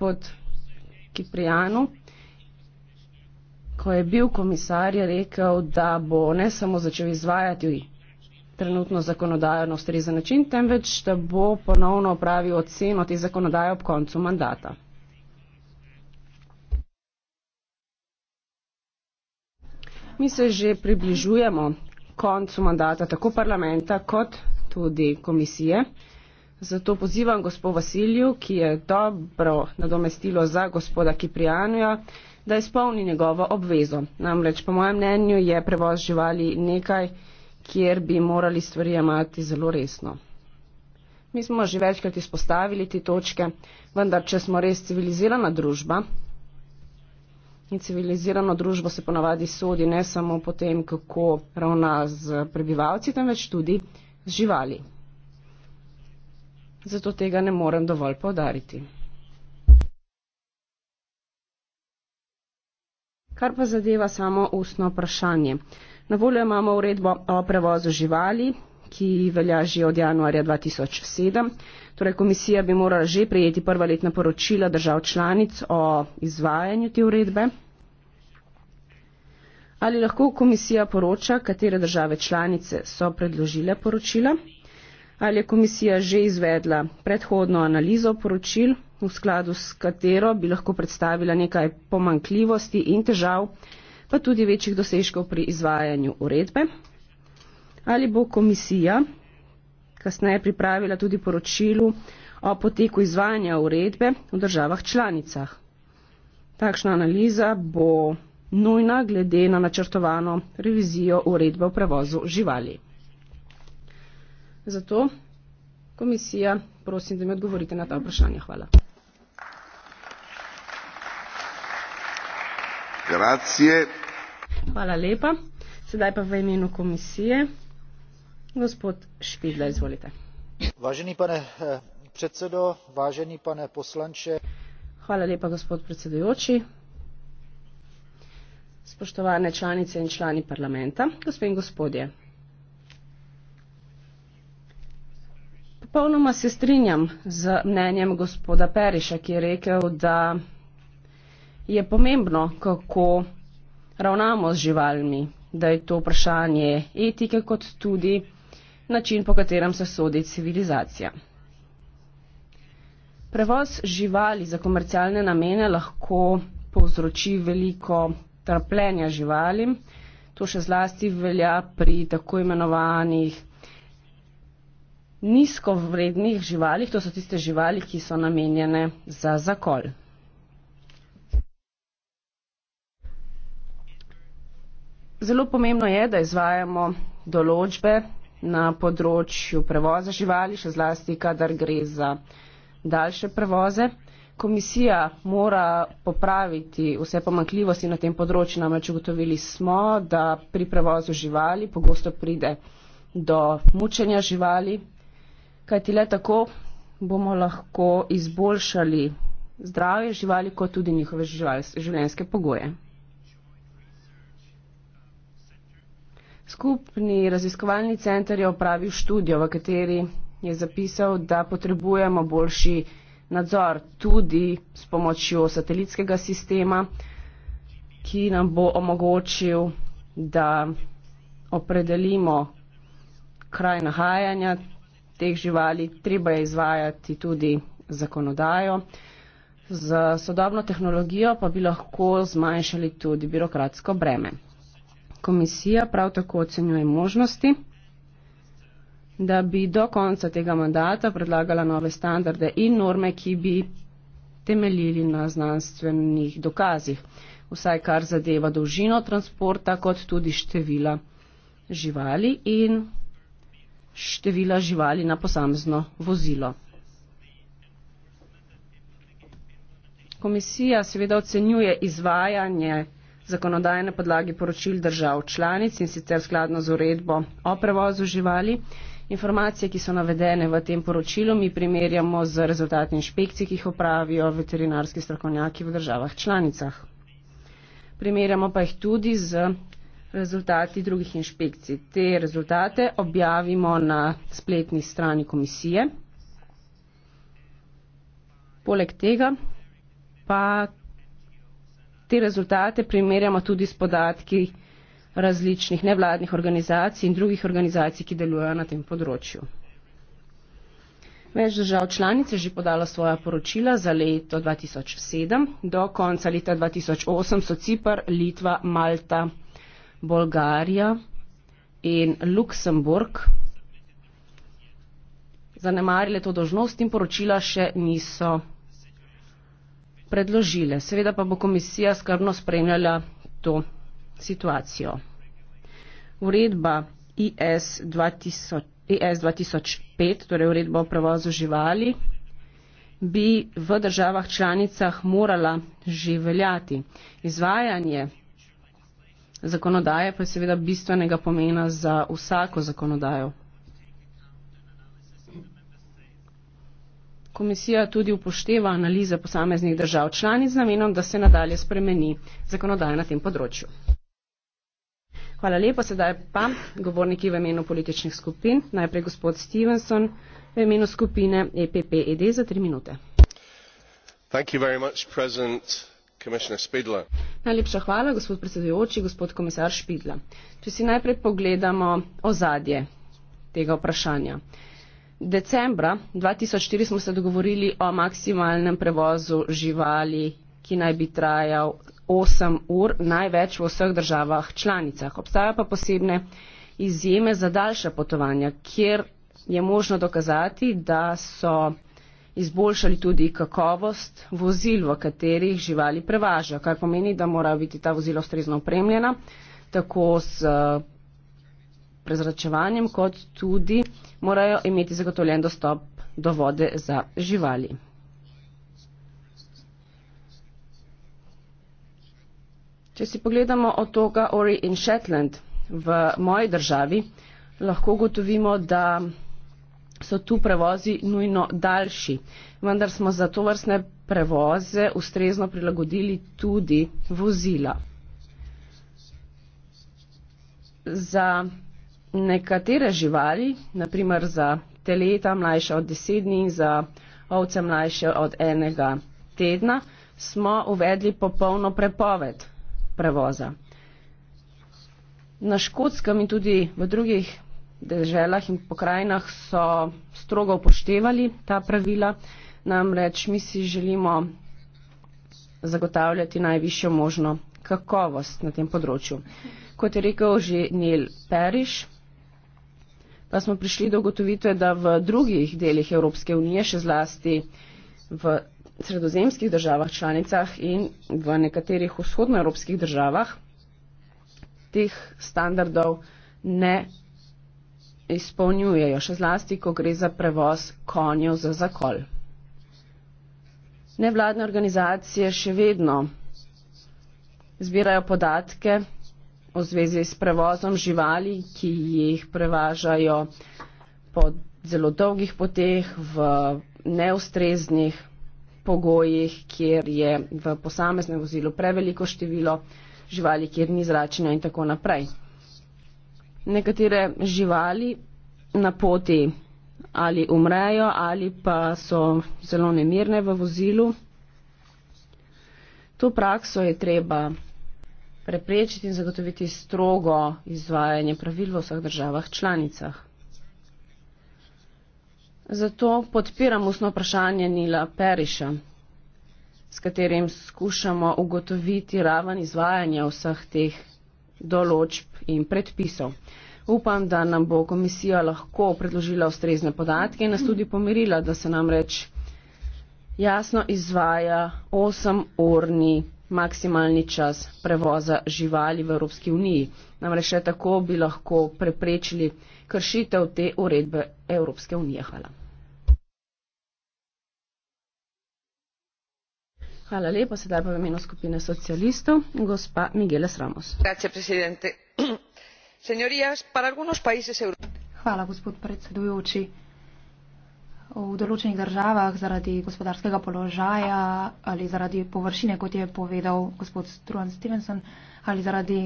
gospod Kiprijanu, ko je bil komisar, je rekel, da bo ne samo začel izvajati trenutno zakonodajo na ustrezen način, temveč da bo ponovno opravil oceno te zakonodaje ob koncu mandata. Mi se že približujemo koncu mandata tako parlamenta kot tudi komisije. Zato pozivam gospo Vasilju, ki je dobro nadomestilo za gospoda Kiprijanuja, da izpolni njegovo obvezo. Namreč, po mojem mnenju, je prevoz živali nekaj, kjer bi morali stvari imati zelo resno. Mi smo že večkrat izpostavili te točke, vendar, če smo res civilizirana družba, In civilizirano družbo se ponavadi sodi ne samo po tem, kako ravna z prebivalci, temveč tudi z živali zato tega ne morem dovolj povdariti. Kar pa zadeva samo ustno vprašanje. Na voljo imamo uredbo o prevozu živali, ki velja že od januarja 2007. Torej, komisija bi morala že prijeti prva letna poročila držav članic o izvajanju te uredbe. Ali lahko komisija poroča, katere države članice so predložile poročila? ali je komisija že izvedla predhodno analizo poročil, v skladu s katero bi lahko predstavila nekaj pomankljivosti in težav, pa tudi večjih dosežkov pri izvajanju uredbe. Ali bo komisija kasneje pripravila tudi poročilu o poteku izvajanja uredbe v državah članicah. Takšna analiza bo nujna glede na načrtovano revizijo uredbe o prevozu živali. Zato komisija, prosim, da mi odgovorite na ta vprašanja. Hvala. Gracije. Hvala lepa. Sedaj pa v imenu komisije. Gospod Špidla, izvolite. Važeni pane eh, predsedo, važeni pane poslanče. Hvala lepa, gospod predsedujoči. Spoštovane članice in člani parlamenta, gospe in gospodje. Popolnoma se strinjam z mnenjem gospoda Periša, ki je rekel, da je pomembno, kako ravnamo z živalmi, da je to vprašanje etike kot tudi način, po katerem se sodi civilizacija. Prevoz živali za komercialne namene lahko povzroči veliko trpljenja živalim, to še zlasti velja pri tako imenovanih nizkovrednih živalih, to so tiste živali, ki so namenjene za zakol. Zelo pomembno je, da izvajamo določbe na področju prevoza živali, še zlasti, kadar gre za daljše prevoze. Komisija mora popraviti vse pomankljivosti na tem področju, namreč ugotovili smo, da pri prevozu živali pogosto pride do mučenja živali, kajti le tako bomo lahko izboljšali zdravje živali, kot tudi njihove življenjske pogoje. Skupni raziskovalni center je opravil študijo, v kateri je zapisal, da potrebujemo boljši nadzor tudi s pomočjo satelitskega sistema, ki nam bo omogočil, da opredelimo kraj nahajanja, teh živali, treba je izvajati tudi zakonodajo. Z sodobno tehnologijo pa bi lahko zmanjšali tudi birokratsko breme. Komisija prav tako ocenjuje možnosti, da bi do konca tega mandata predlagala nove standarde in norme, ki bi temeljili na znanstvenih dokazih, vsaj kar zadeva dolžino transporta, kot tudi števila živali in števila živali na posamezno vozilo. Komisija seveda ocenjuje izvajanje zakonodajne podlage poročil držav članic in sicer skladno z uredbo o prevozu živali. Informacije, ki so navedene v tem poročilu, mi primerjamo z rezultati inšpekcij, ki jih opravijo veterinarski strokovnjaki v državah članicah. Primerjamo pa jih tudi z rezultati drugih inšpekcij. Te rezultate objavimo na spletni strani komisije. Poleg tega pa te rezultate primerjamo tudi s podatki različnih nevladnih organizacij in drugih organizacij, ki delujejo na tem področju. Več držav članice že podalo svoja poročila za leto 2007. Do konca leta 2008 so Cipr, Litva, Malta. Bolgarija in Luksemburg zanemarile to dožnost in poročila še niso predložile. Seveda pa bo komisija skrbno spremljala to situacijo. Uredba IS, 2000, IS 2005, torej uredba o prevozu živali, bi v državah članicah morala že veljati. Izvajanje Zakonodaja pa je seveda bistvenega pomena za vsako zakonodajo. Komisija tudi upošteva analize posameznih držav članic z namenom, da se nadalje spremeni zakonodaja na tem področju. Hvala lepa, sedaj pa govorniki v imenu političnih skupin. Najprej gospod Stevenson v imenu skupine EPP-ED za tri minute. Thank you very much, President. Najlepša hvala, gospod predsedujoči, gospod komisar Špidla. Če si najprej pogledamo ozadje tega vprašanja. Decembra 2004 smo se dogovorili o maksimalnem prevozu živali, ki naj bi trajal 8 ur, največ v vseh državah članicah. Obstajajo pa posebne izjeme za daljša potovanja, kjer je možno dokazati, da so izboljšali tudi kakovost vozil, v katerih živali prevaža, kar pomeni, da morajo biti ta vozila ustrezno opremljena, tako s prezračevanjem, kot tudi morajo imeti zagotovljen dostop do vode za živali. Če si pogledamo otoka Ori in Shetland v moji državi, lahko gotovimo, da so tu prevozi nujno daljši. Vendar smo za to vrstne prevoze ustrezno prilagodili tudi vozila. Za nekatere živali, naprimer za teleta mlajše od 10 dni in za ovce mlajše od enega tedna, smo uvedli popolno prepoved prevoza. Na škotskem in tudi v drugih deželah in pokrajinah so strogo upoštevali ta pravila. Namreč mi si želimo zagotavljati najvišjo možno kakovost na tem področju. Kot je rekel že Neil Parrish, pa smo prišli do ugotovitve, da v drugih delih Evropske unije, še zlasti v sredozemskih državah članicah in v nekaterih vzhodnoevropskih državah, teh standardov ne izpolnjujejo, še zlasti, ko gre za prevoz konjev za zakol. Nevladne organizacije še vedno zbirajo podatke v zvezi s prevozom živali, ki jih prevažajo po zelo dolgih poteh v neustreznih pogojih, kjer je v posameznem vozilu preveliko število živali, kjer ni zračenja in tako naprej. Nekatere živali na poti ali umrejo ali pa so zelo nemirne v vozilu. To prakso je treba preprečiti in zagotoviti strogo izvajanje pravil v vseh državah članicah. Zato podpiram usno vprašanje Nila Periša, s katerim skušamo ugotoviti raven izvajanja vseh teh določb in predpisov. Upam, da nam bo komisija lahko predložila ustrezne podatke in nas tudi pomirila, da se nam reč jasno izvaja 8-orni maksimalni čas prevoza živali v Evropski uniji. Namreč še tako bi lahko preprečili kršitev te uredbe Evropske unije. Hvala. Hvala lepa, sedaj pa v imenu skupine socialistov, gospa Miguel Sramos. Grazie, gospod predsedujoči v določenih državah zaradi gospodarskega položaja ali zaradi površine, kot je povedal gospod Struan Stevenson, ali zaradi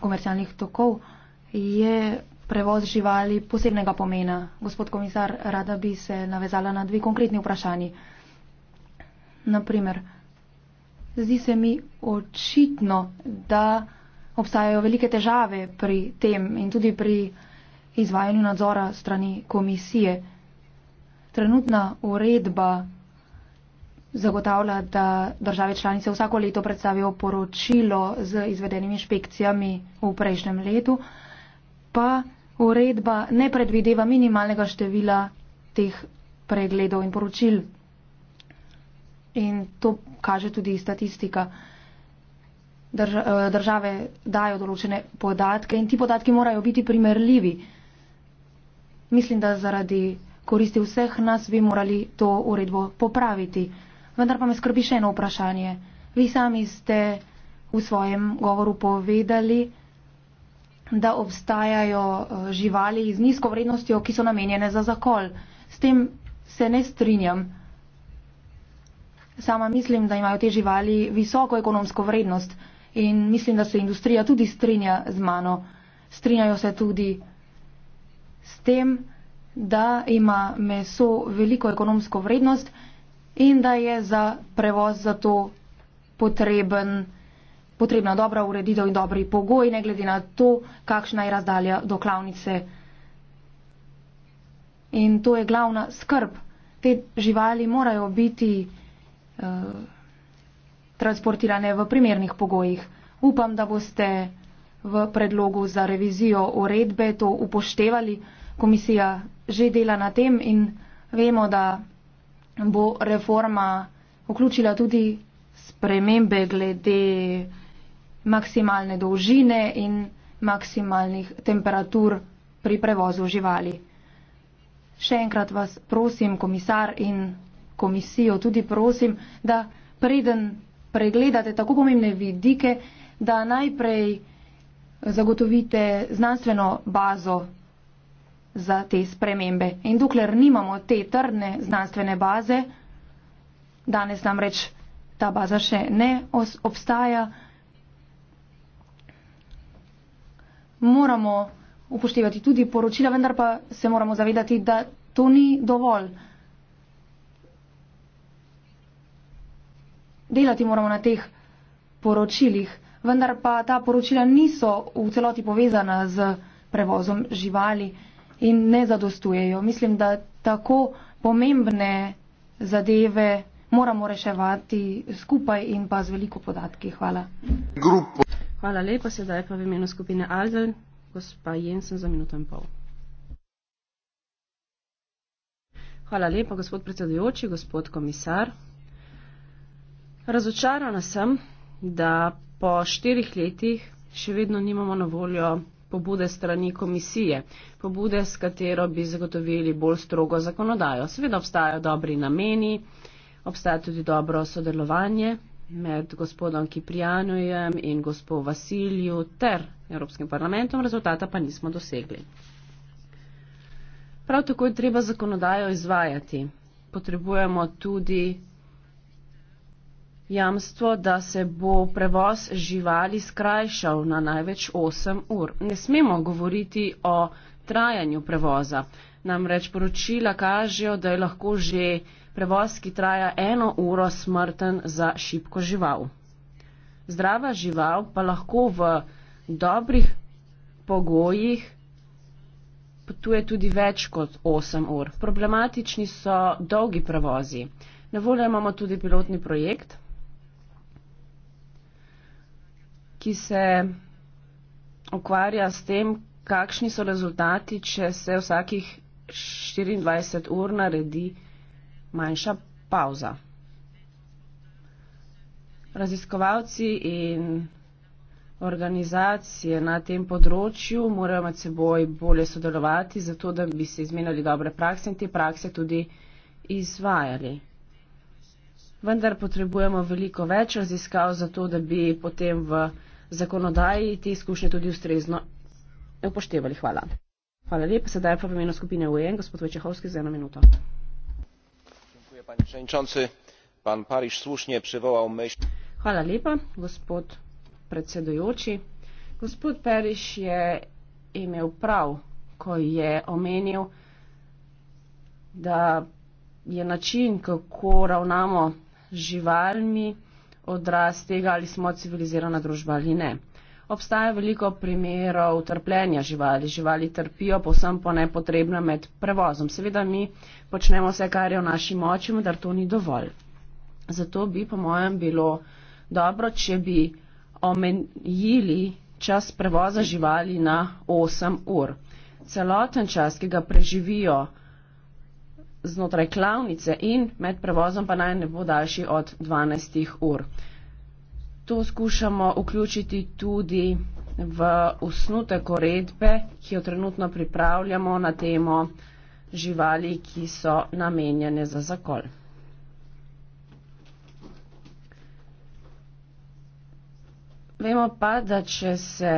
komercialnih tokov, je prevoz živali posebnega pomena. Gospod komisar, rada bi se navezala na dve konkretni vprašanji. Naprimer, zdi se mi očitno, da obstajajo velike težave pri tem in tudi pri izvajanju nadzora strani komisije. Trenutna uredba zagotavlja, da države članice vsako leto predstavijo poročilo z izvedenimi inšpekcijami v prejšnjem letu, pa uredba ne predvideva minimalnega števila teh pregledov in poročil. In to kaže tudi statistika drž eh, države dajo določene podatke in ti podatki morajo biti primerljivi. Mislim, da zaradi koristi vseh nas bi morali to uredbo popraviti. Vendar pa me skrbi še eno vprašanje. Vi sami ste v svojem govoru povedali, da obstajajo eh, živali z nizko vrednostjo, ki so namenjene za zakol. S tem se ne strinjam. Sama mislim, da imajo te živali visoko ekonomsko vrednost. In mislim, da se industrija tudi strinja z mano. Strinjajo se tudi s tem, da ima meso veliko ekonomsko vrednost in da je za prevoz za to potreben, potrebna dobra ureditev in dobri pogoji, ne glede na to, kakšna je razdalja do klavnice. In to je glavna skrb. Te živali morajo biti. Uh, transportirane v primernih pogojih. Upam, da boste v predlogu za revizijo uredbe to upoštevali. Komisija že dela na tem in vemo, da bo reforma vključila tudi spremembe glede maksimalne dolžine in maksimalnih temperatur pri prevozu živali. Še enkrat vas prosim, komisar in komisijo tudi prosim, da preden pregledate tako pomembne vidike, da najprej zagotovite znanstveno bazo za te spremembe. In dokler nimamo te trdne znanstvene baze, danes nam reč ta baza še ne obstaja, moramo upoštevati tudi poročila, vendar pa se moramo zavedati, da to ni dovolj. delati moramo na teh poročilih, vendar pa ta poročila niso v celoti povezana z prevozom živali in ne zadostujejo. Mislim, da tako pomembne zadeve moramo reševati skupaj in pa z veliko podatki. Hvala. Grupo. Hvala lepa, sedaj pa v imenu skupine Aldel, gospa Jensen za minuto in pol. Hvala lepa, gospod predsedujoči, gospod komisar. Razočarana sem, da po štirih letih še vedno nimamo na voljo pobude strani komisije, pobude, s katero bi zagotovili bolj strogo zakonodajo. Seveda obstajajo dobri nameni, obstaja tudi dobro sodelovanje med gospodom Kiprijanujem in gospod Vasilju ter Evropskim parlamentom, rezultata pa nismo dosegli. Prav tako je treba zakonodajo izvajati. Potrebujemo tudi jamstvo, da se bo prevoz živali skrajšal na največ 8 ur. Ne smemo govoriti o trajanju prevoza. Namreč poročila kažejo, da je lahko že prevoz, ki traja eno uro, smrten za šibko žival. Zdrava žival pa lahko v dobrih pogojih potuje tudi več kot 8 ur. Problematični so dolgi prevozi. Na voljo imamo tudi pilotni projekt, ki se ukvarja s tem, kakšni so rezultati, če se vsakih 24 ur naredi manjša pauza. Raziskovalci in organizacije na tem področju morajo med seboj bolje sodelovati, zato da bi se izmenjali dobre prakse in te prakse tudi izvajali. Vendar potrebujemo veliko več raziskav za to, da bi potem v zakonodaji te izkušnje tudi ustrezno upoštevali. Hvala. Hvala lepa. Sedaj pa v imenu skupine UN, e gospod Večehovski, za eno minuto. Dziękuję, panie przewodniczący. Pan Pariż słusznie przywołał myśl. Hvala lepa, gospod predsedujoči. Gospod Pariz je imel prav, ko je omenil, da je način, kako ravnamo živalmi, odraz tega, ali smo civilizirana družba ali ne. Obstaja veliko primerov trpljenja živali. Živali trpijo povsem po nepotrebno med prevozom. Seveda mi počnemo vse, kar je v naši moči, vendar to ni dovolj. Zato bi, po mojem, bilo dobro, če bi omenjili čas prevoza živali na 8 ur. Celoten čas, ki ga preživijo, znotraj klavnice in med prevozom pa naj ne bo daljši od 12 ur. To skušamo vključiti tudi v usnutek uredbe, ki jo trenutno pripravljamo na temo živali, ki so namenjene za zakol. Vemo pa, da če se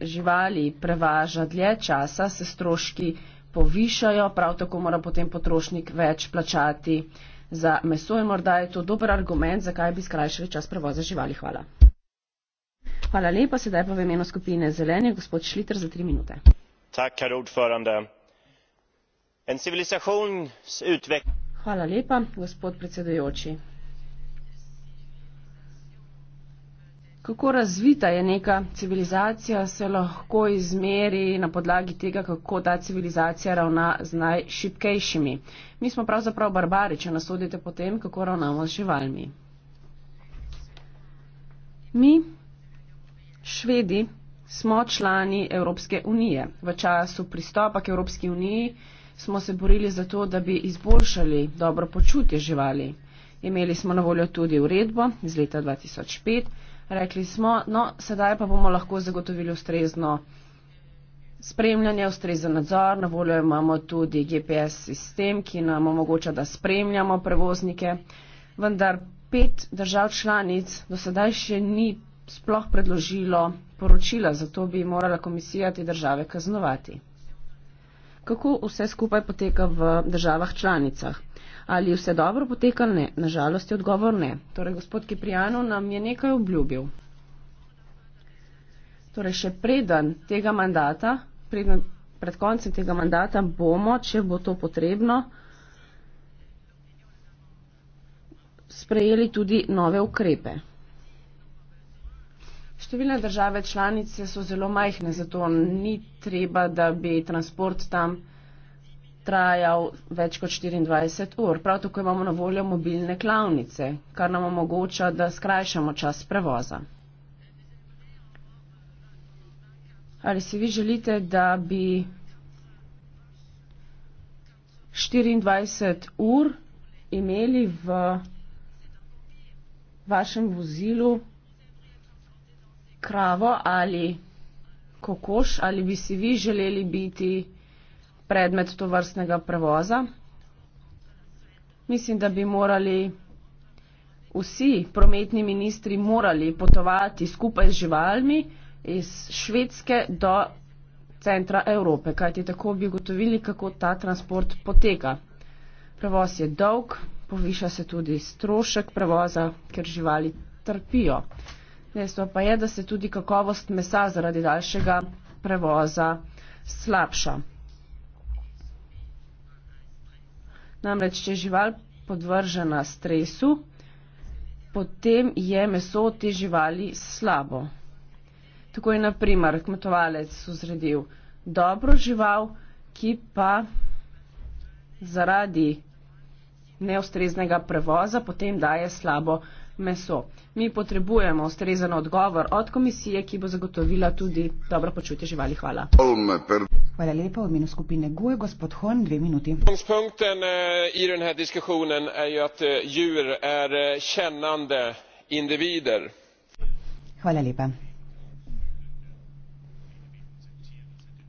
živali prevaža dlje časa, se stroški povišajo, prav tako mora potem potrošnik več plačati za meso in morda je to dober argument, zakaj bi skrajšali čas prevoza živali. Hvala. Hvala lepa, sedaj pa v imenu skupine Zelenje, gospod Šliter za tri minute. Tak, Hvala lepa, gospod predsedujoči. kako razvita je neka civilizacija, se lahko izmeri na podlagi tega, kako ta civilizacija ravna z najšipkejšimi. Mi smo pravzaprav barbari, če nas sodite potem, kako ravnamo z živalmi. Mi, Švedi, smo člani Evropske unije. V času pristopa k Evropski uniji smo se borili za to, da bi izboljšali dobro počutje živali. Imeli smo na voljo tudi uredbo iz leta 2005 rekli smo, no, sedaj pa bomo lahko zagotovili ustrezno spremljanje, ustrezen nadzor. Na voljo imamo tudi GPS sistem, ki nam omogoča, da spremljamo prevoznike. Vendar pet držav članic do sedaj še ni sploh predložilo poročila, zato bi morala komisija te države kaznovati. Kako vse skupaj poteka v državah članicah? ali vse dobro poteka ali ne. Nažalost je odgovor ne. Torej, gospod Kiprijano nam je nekaj obljubil. Torej, še preden tega mandata, preden pred koncem tega mandata bomo, če bo to potrebno, sprejeli tudi nove ukrepe. Številne države članice so zelo majhne, zato ni treba, da bi transport tam trajal več kot 24 ur. Prav tako imamo na voljo mobilne klavnice, kar nam omogoča, da skrajšamo čas prevoza. Ali si vi želite, da bi 24 ur imeli v vašem vozilu kravo ali kokoš, ali bi si vi želeli biti predmet to vrstnega prevoza. Mislim, da bi morali vsi prometni ministri morali potovati skupaj z živalmi iz Švedske do centra Evrope, kajti tako bi ugotovili, kako ta transport poteka. Prevoz je dolg, poviša se tudi strošek prevoza, ker živali trpijo. Dejstvo pa je, da se tudi kakovost mesa zaradi daljšega prevoza slabša. Namreč, če je žival podvržena stresu, potem je meso te živali slabo. Tako je, naprimer, kmetovalec vzredil dobro žival, ki pa zaradi neustreznega prevoza potem daje slabo meso. Mi potrebujemo ustrezen odgovor od komisije, ki bo zagotovila tudi dobro počutje živali. Hvala. Hvala lepa. V imenu skupine GUE, gospod Hon, dve minuti. Eh, eh, eh, Hvala lepa.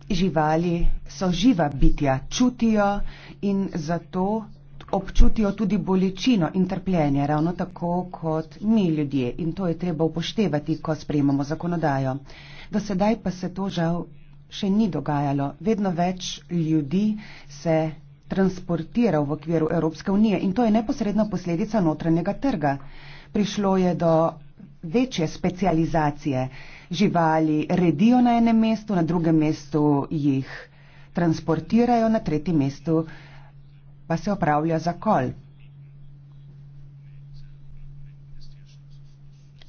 Živali so živa bitja, čutijo in zato občutijo tudi bolečino in trpljenje, ravno tako kot mi ljudje. In to je treba upoštevati, ko sprejemamo zakonodajo. Do sedaj pa se to žal še ni dogajalo. Vedno več ljudi se transportira v okviru Evropske unije in to je neposredna posledica notranjega trga. Prišlo je do večje specializacije. Živali redijo na enem mestu, na drugem mestu jih transportirajo, na tretjem mestu pa se opravlja zakol.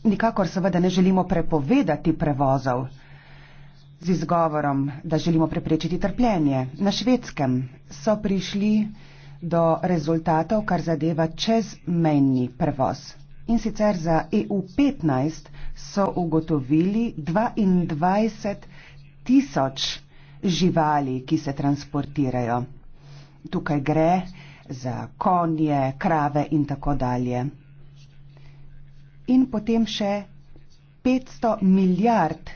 Nikakor seveda ne želimo prepovedati prevozov z izgovorom, da želimo preprečiti trpljenje. Na švedskem so prišli do rezultatov, kar zadeva čezmejni prevoz. In sicer za EU15 so ugotovili 22 tisoč živali, ki se transportirajo tukaj gre za konje, krave in tako dalje. In potem še 500 milijard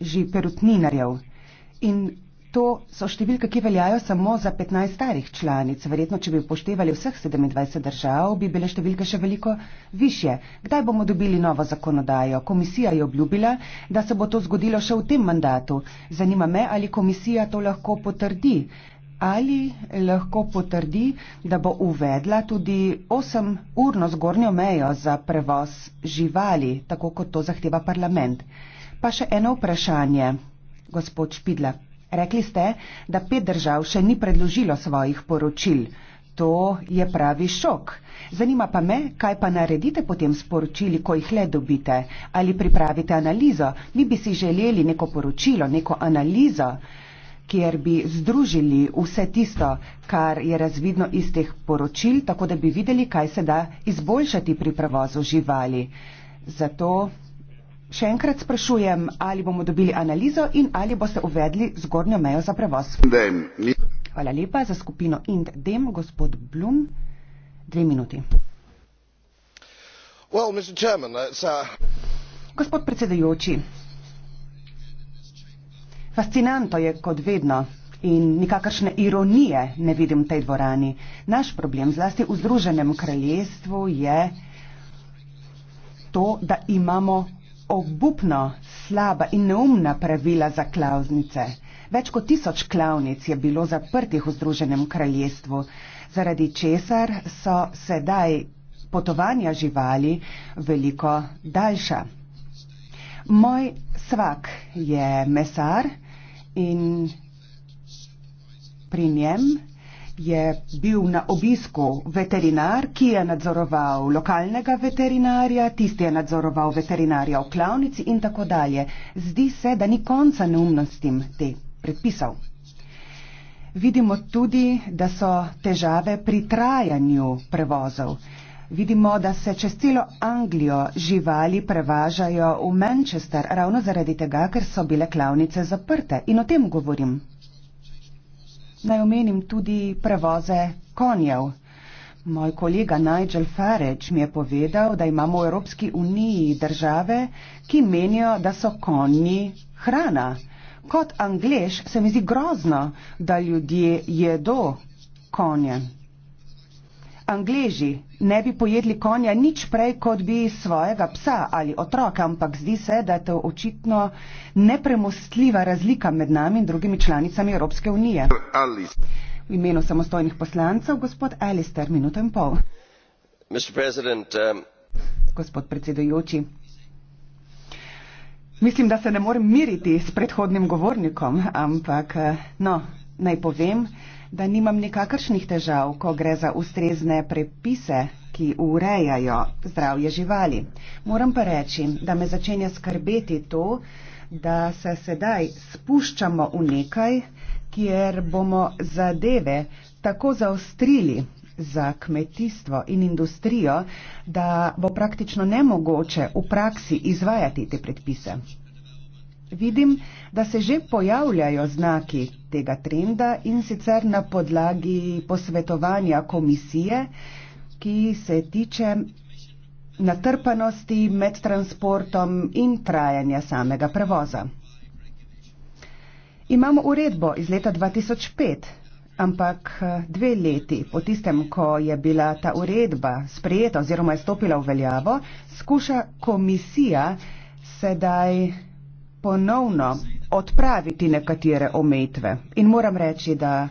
žiperutninarjev. In to so številke, ki veljajo samo za 15 starih članic. Verjetno, če bi upoštevali vseh 27 držav, bi bile številke še veliko više. Kdaj bomo dobili novo zakonodajo? Komisija je obljubila, da se bo to zgodilo še v tem mandatu. Zanima me, ali komisija to lahko potrdi ali lahko potrdi, da bo uvedla tudi 8-urno zgornjo mejo za prevoz živali, tako kot to zahteva parlament. Pa še eno vprašanje, gospod Špidla. Rekli ste, da pet držav še ni predložilo svojih poročil. To je pravi šok. Zanima pa me, kaj pa naredite potem s poročili, ko jih le dobite. Ali pripravite analizo? Mi bi si želeli neko poročilo, neko analizo kjer bi združili vse tisto, kar je razvidno iz teh poročil, tako da bi videli, kaj se da izboljšati pri prevozu živali. Zato še enkrat sprašujem, ali bomo dobili analizo in ali boste uvedli zgornjo mejo za prevoz. Hvala lepa za skupino Ind Dem, gospod Blum. Dve minuti. Well, uh, Gospod predsedujoči, Fascinanto je kot vedno in nikakršne ironije ne vidim v tej dvorani. Naš problem zlasti v Združenem kraljestvu je to, da imamo obupno slaba in neumna pravila za klaznice. Več kot tisoč klavnic je bilo zaprtih v Združenem kraljestvu, zaradi česar so sedaj potovanja živali veliko daljša. Moj svak je mesar, in pri njem je bil na obisku veterinar, ki je nadzoroval lokalnega veterinarja, tisti je nadzoroval veterinarja v klavnici in tako dalje. Zdi se, da ni konca neumnostim te predpisov. Vidimo tudi, da so težave pri trajanju prevozov vidimo, da se čez celo Anglijo živali prevažajo v Manchester ravno zaradi tega, ker so bile klavnice zaprte. In o tem govorim. Naj omenim tudi prevoze konjev. Moj kolega Nigel Farage mi je povedal, da imamo v Evropski uniji države, ki menijo, da so konji hrana. Kot anglež se mi zdi grozno, da ljudje jedo konje. Angleži ne bi pojedli konja nič prej, kot bi svojega psa ali otroka, ampak zdi se, da je to očitno nepremostljiva razlika med nami in drugimi članicami Evropske unije. V imenu samostojnih poslancev, gospod Alistair, minuto in pol. Um, gospod predsedujoči, mislim, da se ne morem miriti s predhodnim govornikom, ampak eh, no, naj povem da nimam nikakršnih težav, ko gre za ustrezne prepise, ki urejajo zdravje živali. Moram pa reči, da me začenja skrbeti to, da se sedaj spuščamo v nekaj, kjer bomo zadeve tako zaostrili za kmetijstvo in industrijo, da bo praktično nemogoče v praksi izvajati te predpise. Vidim, da se že pojavljajo znaki, tega trenda in sicer na podlagi posvetovanja komisije, ki se tiče natrpanosti med transportom in trajanja samega prevoza. Imamo uredbo iz leta 2005, ampak dve leti po tistem, ko je bila ta uredba sprejeta oziroma je stopila v veljavo, skuša komisija sedaj ponovno odpraviti nekatere omejitve. In moram reči, da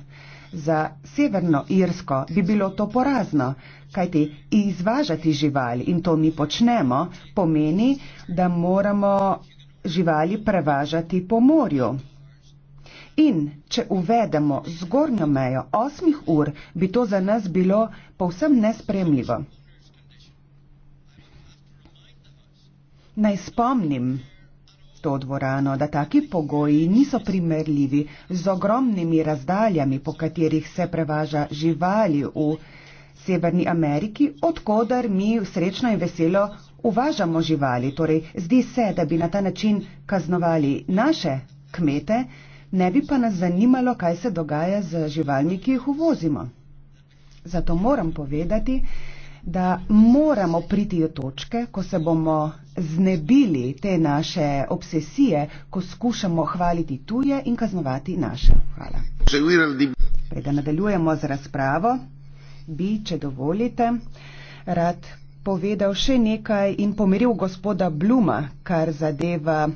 za Severno Irsko bi bilo to porazno, kajti izvažati živali in to mi počnemo, pomeni, da moramo živali prevažati po morju. In če uvedemo zgornjo mejo 8 ur, bi to za nas bilo povsem nespremljivo. Naj spomnim, to dvorano, da taki pogoji niso primerljivi z ogromnimi razdaljami, po katerih se prevaža živali v Severni Ameriki, odkudar mi srečno in veselo uvažamo živali. Torej, zdi se, da bi na ta način kaznovali naše kmete, ne bi pa nas zanimalo, kaj se dogaja z živalmi, ki jih uvozimo. Zato moram povedati, da moramo priti do točke, ko se bomo znebili te naše obsesije, ko skušamo hvaliti tuje in kaznovati naše. Hvala. Preden nadaljujemo z razpravo, bi, če dovolite, rad povedal še nekaj in pomiril gospoda Bluma, kar zadeva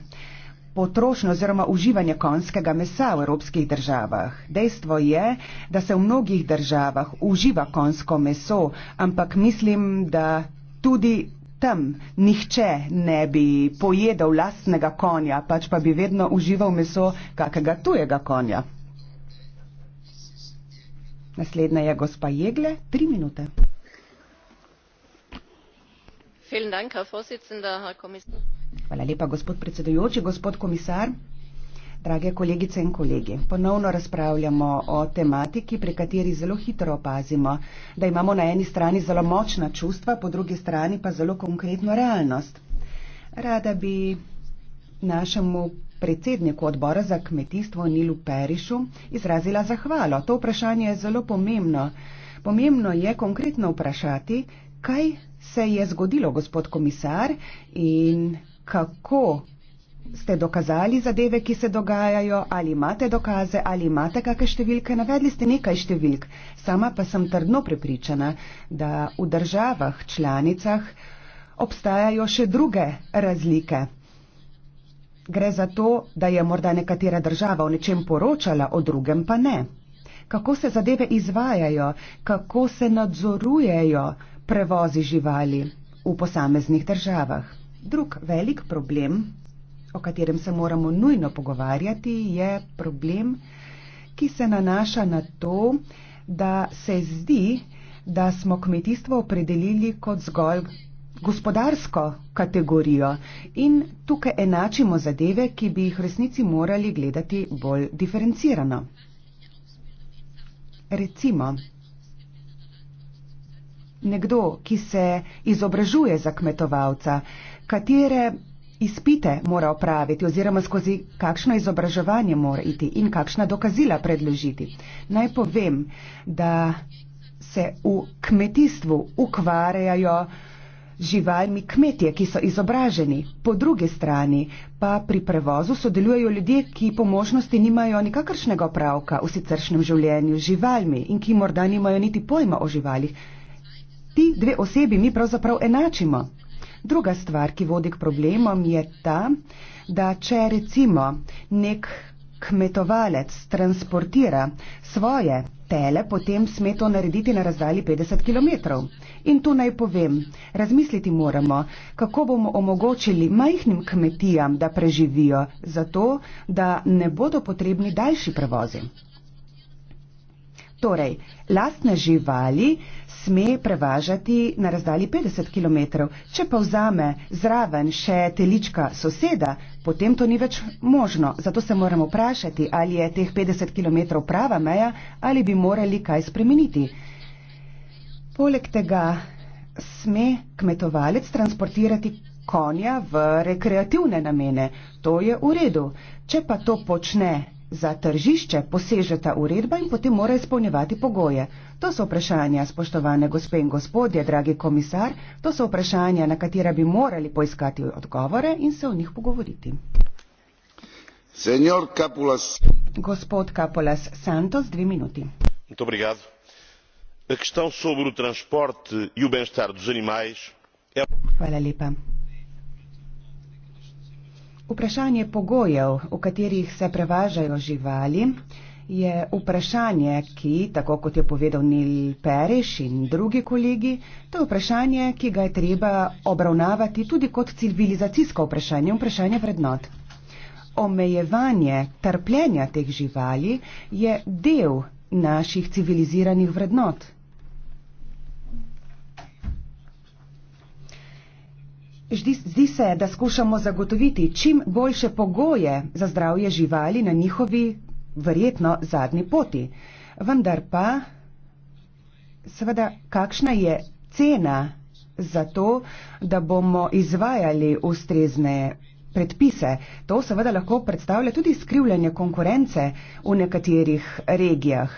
potrošnjo oziroma uživanje konjskega mesa v evropskih državah. Dejstvo je, da se v mnogih državah uživa konjsko meso, ampak mislim, da tudi tam nihče ne bi pojedel lastnega konja, pač pa bi vedno užival meso kakega tujega konja. Naslednja je gospa Jegle, tri minute. Vielen Dank, Herr Vorsitzender, Herr Kommissar. Hvala lepa, gospod predsedujoči, gospod komisar. Drage kolegice in kolegi, ponovno razpravljamo o tematiki, pri kateri zelo hitro opazimo, da imamo na eni strani zelo močna čustva, po drugi strani pa zelo konkretno realnost. Rada bi našemu predsedniku odbora za kmetijstvo Nilu Perišu izrazila zahvalo. To vprašanje je zelo pomembno. Pomembno je konkretno vprašati, kaj se je zgodilo, gospod komisar, in kako ste dokazali zadeve, ki se dogajajo, ali imate dokaze, ali imate kakšne številke. Navedli ste nekaj številk. Sama pa sem trdno prepričana, da v državah, članicah obstajajo še druge razlike. Gre za to, da je morda nekatera država o nečem poročala, o drugem pa ne. Kako se zadeve izvajajo, kako se nadzorujejo prevozi živali v posameznih državah. Drug velik problem, o katerem se moramo nujno pogovarjati, je problem, ki se nanaša na to, da se zdi, da smo kmetijstvo opredelili kot zgolj gospodarsko kategorijo in tukaj enačimo zadeve, ki bi jih v resnici morali gledati bolj diferencirano. Recimo, nekdo, ki se izobražuje za kmetovalca, katere izpite mora opraviti oziroma skozi kakšno izobraževanje mora iti in kakšna dokazila predložiti. Naj povem, da se v kmetijstvu ukvarjajo živalmi kmetje, ki so izobraženi, po drugi strani pa pri prevozu sodelujejo ljudje, ki po možnosti nimajo nikakršnega opravka v siceršnem življenju z živalmi in ki morda nimajo niti pojma o živalih. Ti dve osebi mi pravzaprav enačimo. Druga stvar, ki vodi k problemom, je ta, da če recimo nek kmetovalec transportira svoje tele, potem sme to narediti na razdalji 50 km. In tu naj povem, razmisliti moramo, kako bomo omogočili majhnim kmetijam, da preživijo, zato da ne bodo potrebni daljši prevozi. Torej, lastne živali sme prevažati na razdalji 50 km. Če pa vzame zraven še telička soseda, potem to ni več možno. Zato se moramo vprašati, ali je teh 50 km prava meja ali bi morali kaj spremeniti. Poleg tega sme kmetovalec transportirati konja v rekreativne namene. To je v redu. Če pa to počne Za tržišče poseže ta uredba in potem mora izpolnjevati pogoje. To so vprašanja, spoštovane gospe in gospodje, dragi komisar, to so vprašanja, na katera bi morali poiskati odgovore in se o njih pogovoriti. Kapulas. Gospod Kapulas Santos, dve minuti. E Hvala lepa. Vprašanje pogojev, v katerih se prevažajo živali, je vprašanje, ki, tako kot je povedal Nil Pereš in drugi kolegi, to je vprašanje, ki ga je treba obravnavati tudi kot civilizacijsko vprašanje, vprašanje vrednot. Omejevanje trpljenja teh živali je del naših civiliziranih vrednot. Zdi, zdi se, da skušamo zagotoviti čim boljše pogoje za zdravje živali na njihovi verjetno zadnji poti. Vendar pa, seveda, kakšna je cena za to, da bomo izvajali ustrezne predpise? To seveda lahko predstavlja tudi skrivljanje konkurence v nekaterih regijah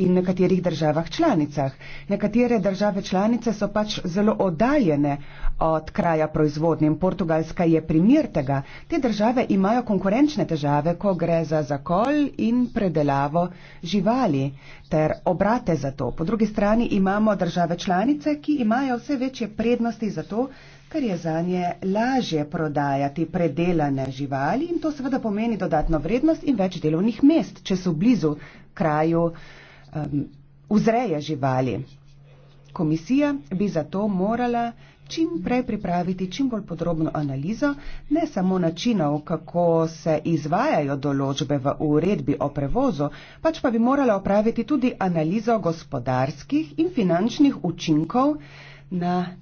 in nekaterih državah članicah. Nekatere države članice so pač zelo oddaljene od kraja proizvodnje in Portugalska je primer tega. Te države imajo konkurenčne težave, ko gre za zakol in predelavo živali ter obrate za to. Po drugi strani imamo države članice, ki imajo vse večje prednosti za to, ker je za nje lažje prodajati predelane živali in to seveda pomeni dodatno vrednost in več delovnih mest, če so blizu kraju proizvodnje um, vzreje živali. Komisija bi zato morala čim prej pripraviti čim bolj podrobno analizo, ne samo načinov, kako se izvajajo določbe v uredbi o prevozu, pač pa bi morala opraviti tudi analizo gospodarskih in finančnih učinkov na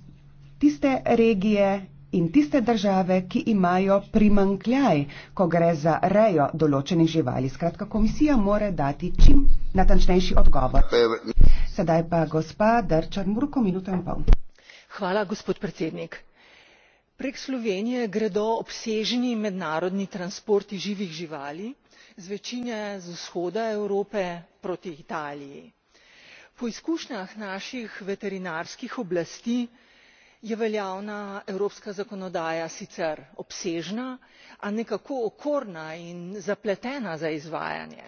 tiste regije in tiste države, ki imajo primankljaj, ko gre za rejo določenih živali. Skratka, komisija mora dati čim natančnejši odgovor. Sedaj pa gospa Drčar Murko, minuto in pol. Hvala, gospod predsednik. Prek Slovenije gredo obsežni mednarodni transporti živih živali, z večine z vzhoda Evrope proti Italiji. Po izkušnjah naših veterinarskih oblasti je veljavna evropska zakonodaja sicer obsežna a nekako okorna in zapletena za izvajanje.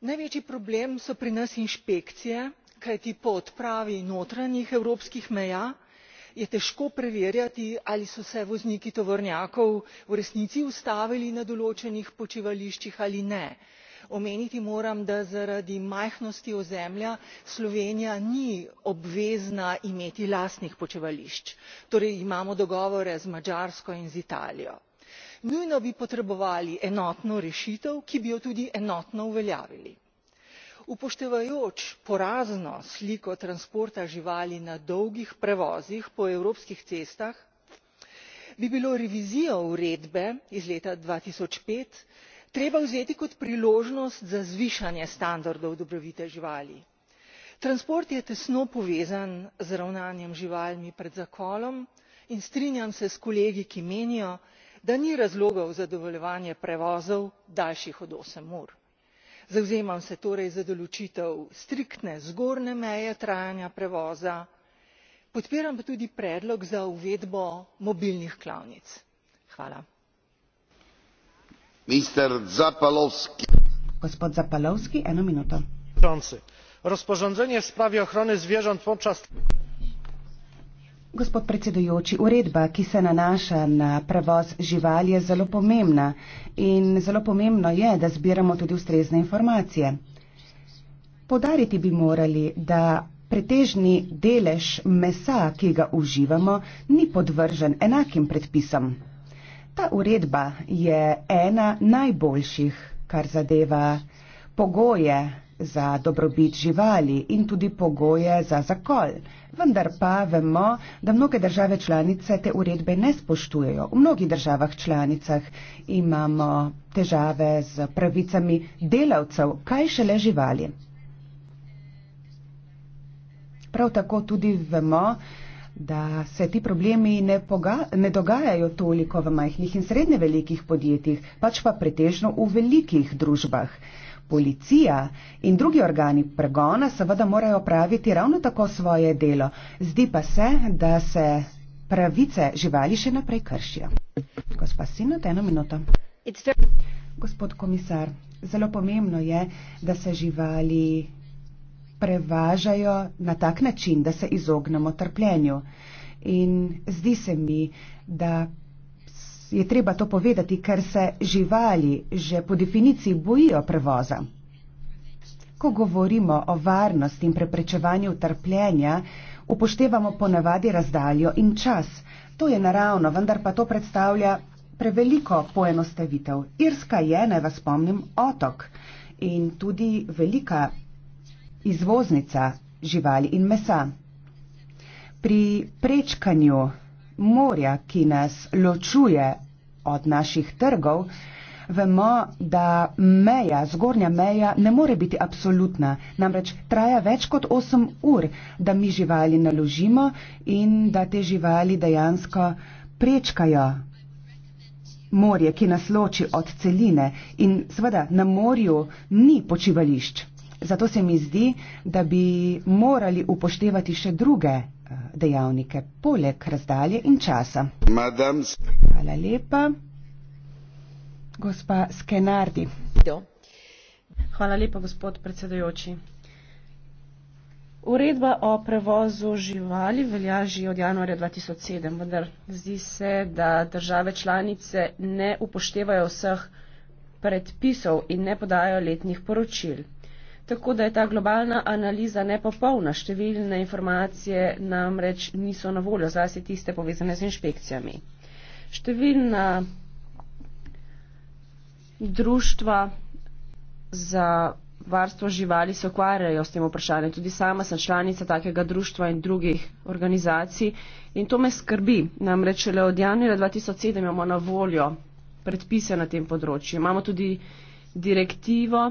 največji problem so pri nas inšpekcije kajti po odpravi notranjih evropskih meja je težko preverjati ali so se vozniki tovornjakov v resnici ustavili na določenih počivališčih ali ne omeniti moram da zaradi majhnosti ozemlja slovenija ni obvezna imeti lastnih počivališč torej imamo dogovore z madžarsko in z italijo. nujno bi potrebovali enotno rešitev ki bi jo tudi enotno uveljavili. upoštevajoč porazno sliko transporta živali na dolgih prevozih po evropskih cestah bi bilo revizijo uredbe iz leta dva tisoč pet treba vzeti kot priložnost za zvišanje standardov dobrobiti živali. transport je tesno povezan z ravnanjem z živalmi pred zakolom in strinjam se s kolegi ki menijo da ni razlogov za dovoljevanje prevozov daljših od osem ur. zavzemam se torej za določitev striktne zgornje meje trajanja prevoza podpiram pa tudi predlog za uvedbo mobilnih klavnic gospod zapalovski eno minuto rozporządzenie w sprawie ochrony zwierząt podczas gospod predsedujoči uredba ki se nanaša na prevoz živali je zelo pomembna in zelo pomembno je da zbiramo tudi ustrezne informacije podariti bi morali da pretežni delež mesa ki ga uživamo ni podvržen enakim predpisom Ta uredba je ena najboljših, kar zadeva pogoje za dobrobit živali in tudi pogoje za zakol. Vendar pa vemo, da mnoge države članice te uredbe ne spoštujejo. V mnogih državah članicah imamo težave z pravicami delavcev, kaj šele živali. Prav tako tudi vemo, da se ti problemi ne, poga, ne dogajajo toliko v majhnih in srednje velikih podjetjih, pač pa pretežno v velikih družbah. Policija in drugi organi pregona seveda morajo praviti ravno tako svoje delo. Zdi pa se, da se pravice živali še naprej kršijo. Gospa Sinot, eno minuto. Gospod komisar, zelo pomembno je, da se živali prevažajo na tak način, da se izognemo trpljenju. In zdi se mi, da je treba to povedati, ker se živali že po definiciji bojijo prevoza. Ko govorimo o varnosti in preprečevanju trpljenja, upoštevamo ponavadi razdaljo in čas. To je naravno, vendar pa to predstavlja preveliko poenostavitev. Irska je, naj vas spomnim, otok in tudi velika izvoznica živali in mesa. Pri prečkanju morja, ki nas ločuje od naših trgov, vemo, da meja, zgornja meja, ne more biti absolutna. Namreč traja več kot 8 ur, da mi živali naložimo in da te živali dejansko prečkajo morje, ki nas loči od celine. In seveda na morju ni počivališč. Zato se mi zdi, da bi morali upoštevati še druge eh, dejavnike, poleg razdalje in časa. Madams. Hvala lepa. Gospa Skenardi. Hvala lepa, gospod predsedujoči. Uredba o prevozu živali velja že od januarja 2007, vendar zdi se, da države članice ne upoštevajo vseh predpisov in ne podajo letnih poročil tako da je ta globalna analiza nepopolna. Številne informacije namreč niso na voljo, zlasti tiste povezane z inšpekcijami. Številna društva za varstvo živali se ukvarjajo s tem vprašanjem. Tudi sama sem članica takega društva in drugih organizacij in to me skrbi. Namreč le od januarja 2007 imamo na voljo predpise na tem področju. Imamo tudi direktivo,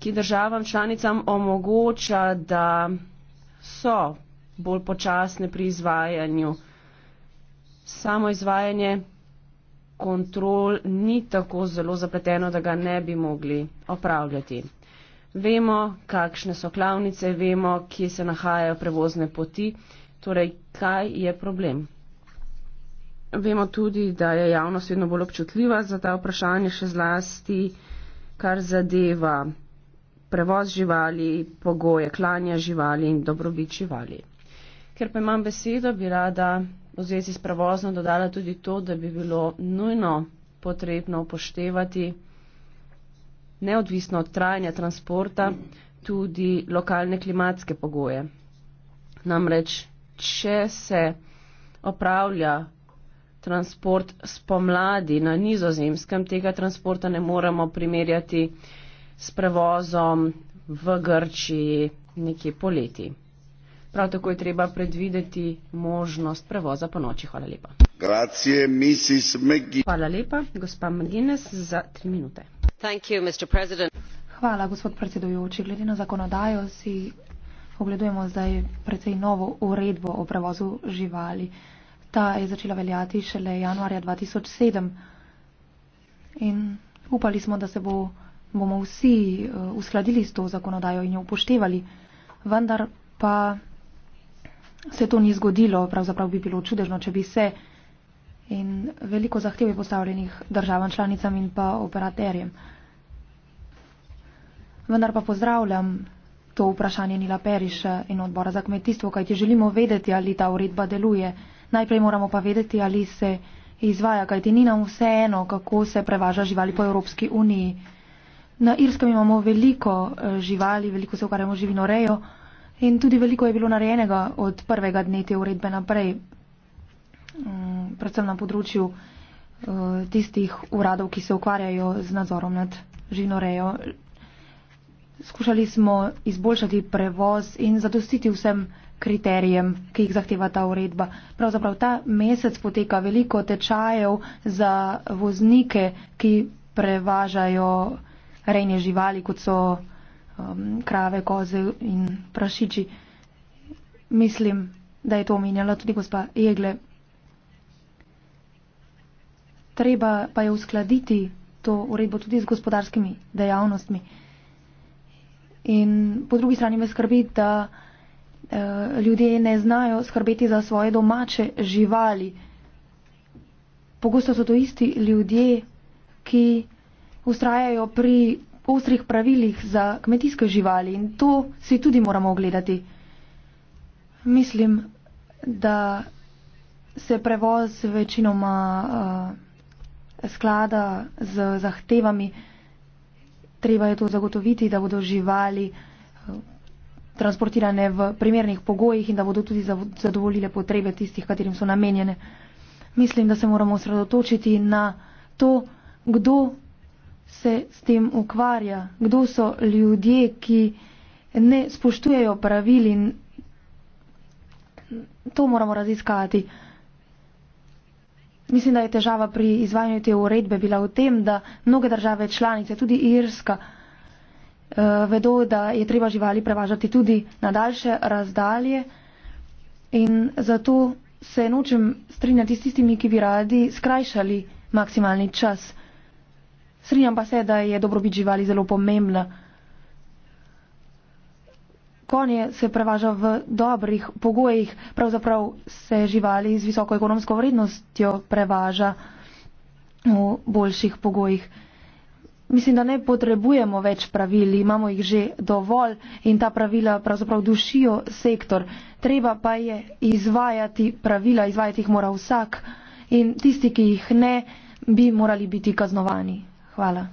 ki državam članicam omogoča, da so bolj počasne pri izvajanju. Samo izvajanje kontrol ni tako zelo zapleteno, da ga ne bi mogli opravljati. Vemo, kakšne so klavnice, vemo, kje se nahajajo prevozne poti, torej kaj je problem. Vemo tudi, da je javnost vedno bolj občutljiva za ta vprašanja, še zlasti, kar zadeva prevoz živali, pogoje klanja živali in dobrobit živali. Ker pa imam besedo, bi rada v zvezi s prevozom dodala tudi to, da bi bilo nujno potrebno upoštevati neodvisno od trajanja transporta tudi lokalne klimatske pogoje. Namreč, če se opravlja transport spomladi na nizozemskem, tega transporta ne moremo primerjati s prevozom v Grčiji nekje poleti. Prav tako je treba predvideti možnost prevoza po noči. Hvala lepa. Grazie, Hvala lepa, gospa McGuinness, za tri minute. You, Hvala, gospod predsedujoči. Glede na zakonodajo si ogledujemo zdaj precej novo uredbo o prevozu živali. Ta je začela veljati šele januarja 2007 in upali smo, da se bo bomo vsi eh, uskladili s to zakonodajo in jo upoštevali. Vendar pa se to ni zgodilo, pravzaprav bi bilo čudežno, če bi se in veliko zahtev je postavljenih državam članicam in pa operaterjem. Vendar pa pozdravljam to vprašanje Nila Periša in odbora za kmetijstvo, kajti želimo vedeti, ali ta uredba deluje. Najprej moramo pa vedeti, ali se izvaja, kajti ni nam vseeno, kako se prevaža živali po Evropski uniji. Na Irskem imamo veliko eh, živali, veliko se ukvarjamo živino rejo in tudi veliko je bilo narejenega od prvega dne te uredbe naprej, mm, predvsem na področju eh, tistih uradov, ki se ukvarjajo z nadzorom nad živino rejo. Skušali smo izboljšati prevoz in zadostiti vsem kriterijem, ki jih zahteva ta uredba. Pravzaprav ta mesec poteka veliko tečajev za voznike, ki prevažajo rejne živali, kot so um, krave, koze in prašiči. Mislim, da je to omenjala tudi gospa Jegle. Treba pa je uskladiti to uredbo tudi z gospodarskimi dejavnostmi. In po drugi strani me skrbi, da eh, ljudje ne znajo skrbeti za svoje domače živali. Pogosto so to isti ljudje, ki ustrajajo pri ostrih pravilih za kmetijske živali in to si tudi moramo ogledati. Mislim, da se prevoz večinoma uh, sklada z zahtevami. Treba je to zagotoviti, da bodo živali eh, transportirane v primernih pogojih in da bodo tudi zadovoljile potrebe tistih, katerim so namenjene. Mislim, da se moramo osredotočiti na to, kdo se s tem ukvarja, kdo so ljudje, ki ne spoštujejo pravil in to moramo raziskati. Mislim, da je težava pri izvajanju te uredbe bila v tem, da mnoge države članice, tudi Irska, eh, vedo, da je treba živali prevažati tudi na daljše razdalje in zato se nočem strinjati s tistimi, ki bi radi skrajšali maksimalni čas. Srinjam pa se, da je dobrobit živali zelo pomembna. Konje se prevaža v dobrih pogojih, pravzaprav se živali z visoko ekonomsko vrednostjo prevaža v boljših pogojih. Mislim, da ne potrebujemo več pravil, imamo jih že dovolj in ta pravila pravzaprav dušijo sektor. Treba pa je izvajati pravila, izvajati jih mora vsak in tisti, ki jih ne, bi morali biti kaznovani. Hvala.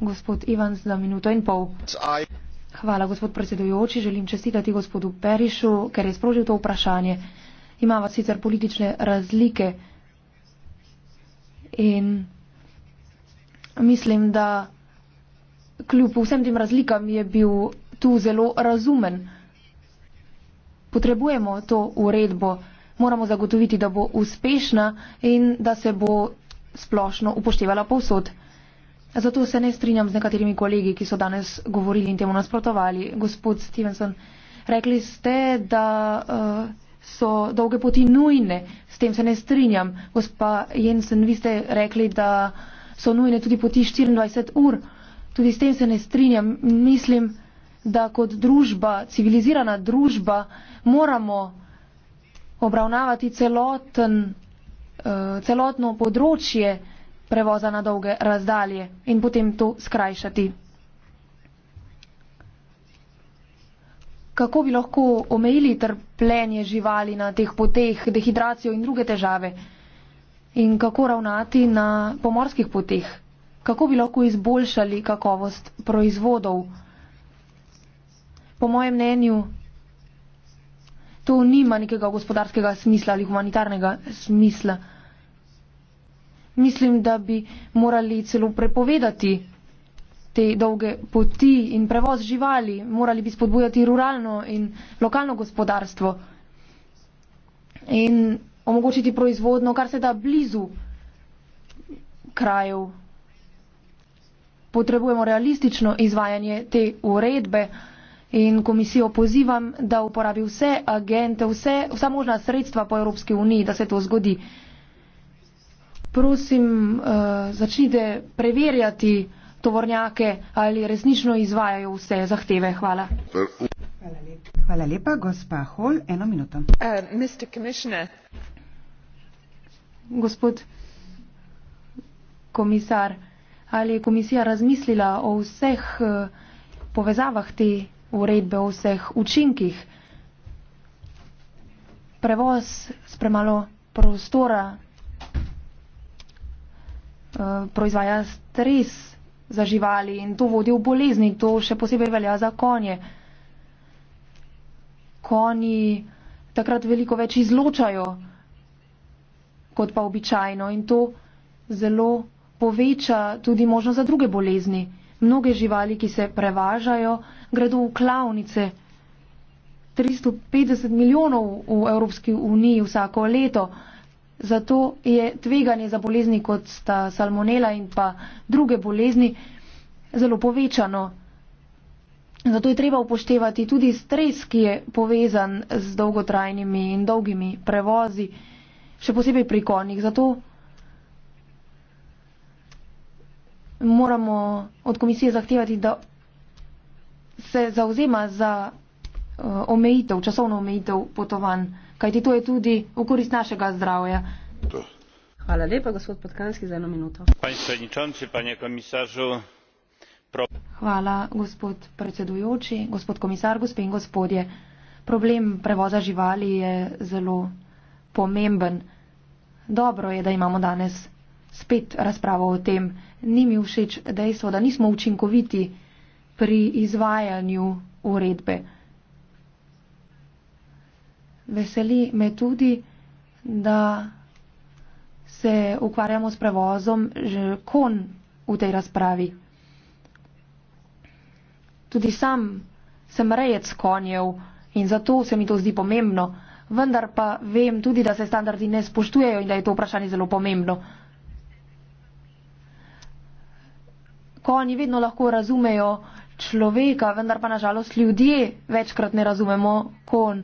Gospod Ivans, za minuto in pol. Hvala, gospod predsedujoči. Želim čestitati gospodu Perišu, ker je sprožil to vprašanje. Imava sicer politične razlike in mislim, da kljub vsem tem razlikam je bil tu zelo razumen. Potrebujemo to uredbo, moramo zagotoviti, da bo uspešna in da se bo splošno upoštevala povsod. Zato se ne strinjam z nekaterimi kolegi, ki so danes govorili in temu nasprotovali. Gospod Stevenson, rekli ste, da uh, so dolge poti nujne. S tem se ne strinjam. Gospa Jensen, vi ste rekli, da so nujne tudi poti 24 ur. Tudi s tem se ne strinjam. Mislim, da kot družba, civilizirana družba, moramo obravnavati celoten Eh, celotno področje prevoza na dolge razdalje in potem to skrajšati. Kako bi lahko omejili trpljenje živali na teh poteh, dehidracijo in druge težave? In kako ravnati na pomorskih poteh? Kako bi lahko izboljšali kakovost proizvodov? Po mojem mnenju, to nima nekega gospodarskega smisla ali humanitarnega smisla mislim, da bi morali celo prepovedati te dolge poti in prevoz živali, morali bi spodbujati ruralno in lokalno gospodarstvo in omogočiti proizvodno, kar se da blizu krajev. Potrebujemo realistično izvajanje te uredbe in komisijo pozivam, da uporabi vse agente, vse, vsa možna sredstva po Evropski uniji, da se to zgodi prosim, uh, začnite preverjati tovornjake, ali resnično izvajajo vse zahteve. Hvala. Hvala lepa, Hvala lepa gospa Hol. Eno minuto. Uh, Gospod komisar, ali je komisija razmislila o vseh eh, povezavah te uredbe, o vseh učinkih? Prevoz s premalo prostora Eh, proizvaja stres za živali in to vodi v bolezni. To še posebej velja za konje. Konji takrat veliko več izločajo kot pa običajno in to zelo poveča tudi možnost za druge bolezni. Mnoge živali, ki se prevažajo, gredo v klavnice. 350 milijonov v Evropski uniji vsako leto. Zato je tveganje za bolezni kot sta salmonela in pa druge bolezni zelo povečano. Zato je treba upoštevati tudi stres, ki je povezan z dolgotrajnimi in dolgimi prevozi, še posebej pri konjih. Zato moramo od komisije zahtevati, da se zauzema za eh, omejitev, časovno omejitev potovanj kajti to je tudi v korist našega zdravja. To. Hvala lepa, gospod Podkanski, za eno minuto. Panje Hvala, gospod predsedujoči, gospod komisar, gospe in gospodje. Problem prevoza živali je zelo pomemben. Dobro je, da imamo danes spet razpravo o tem. Ni mi všeč dejstvo, da nismo učinkoviti pri izvajanju uredbe veseli me tudi, da se ukvarjamo s prevozom že kon v tej razpravi. Tudi sam sem rejec konjev in zato se mi to zdi pomembno, vendar pa vem tudi, da se standardi ne spoštujejo in da je to vprašanje zelo pomembno. Konji vedno lahko razumejo človeka, vendar pa nažalost ljudje večkrat ne razumemo konj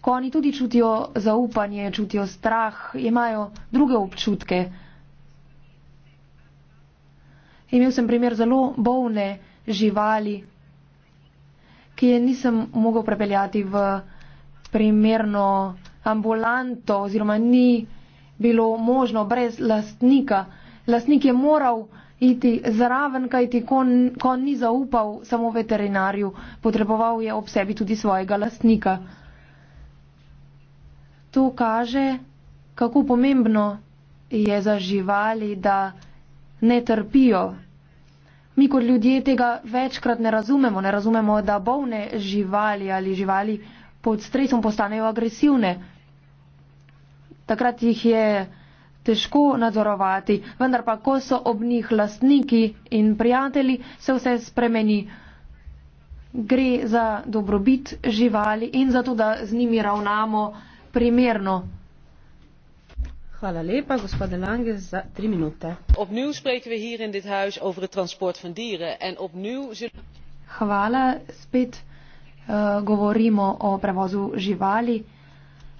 ko oni tudi čutijo zaupanje, čutijo strah, imajo druge občutke. Imel sem primer zelo bolne živali, ki je nisem mogel prepeljati v primerno ambulanto oziroma ni bilo možno brez lastnika. Lastnik je moral iti zraven, kajti kon, kon ni zaupal samo veterinarju, potreboval je ob sebi tudi svojega lastnika to kaže, kako pomembno je za živali, da ne trpijo. Mi kot ljudje tega večkrat ne razumemo. Ne razumemo, da bolne živali ali živali pod stresom postanejo agresivne. Takrat jih je težko nadzorovati, vendar pa, ko so ob njih lastniki in prijatelji, se vse spremeni. Gre za dobrobit živali in za to, da z njimi ravnamo primerno. Hvala lepa, gospod Lange, za tri minute. Opnieuw spreken we hier in dit huis over het transport van dieren en opnieuw zullen. Hvala, spet uh, govorimo o prevozu živali.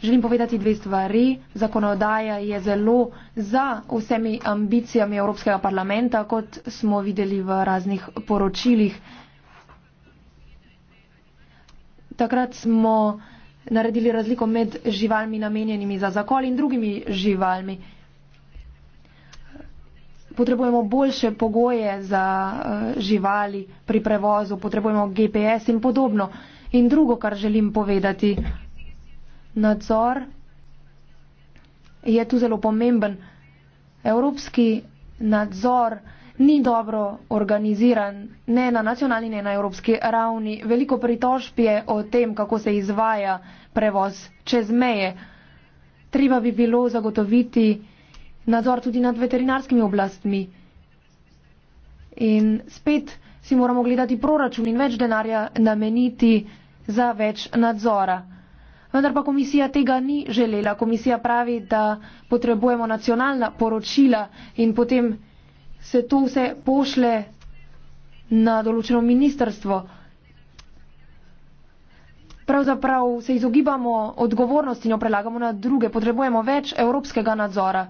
Želim povedati dve stvari. Zakonodaja je zelo za vsemi ambicijami Evropskega parlamenta, kot smo videli v raznih poročilih. Takrat smo naredili razliko med živalmi namenjenimi za zakol in drugimi živalmi. Potrebujemo boljše pogoje za eh, živali pri prevozu, potrebujemo GPS in podobno. In drugo, kar želim povedati, nadzor je tu zelo pomemben. Evropski nadzor ni dobro organiziran, ne na nacionalni, ne na evropski ravni. Veliko pritožb je o tem, kako se izvaja nadzor prevoz čez meje. Treba bi bilo zagotoviti nadzor tudi nad veterinarskimi oblastmi. In spet si moramo gledati proračun in več denarja nameniti za več nadzora. Vendar pa komisija tega ni želela. Komisija pravi, da potrebujemo nacionalna poročila in potem se to vse pošle na določeno ministrstvo pravzaprav se izogibamo odgovornosti in jo prelagamo na druge. Potrebujemo več evropskega nadzora.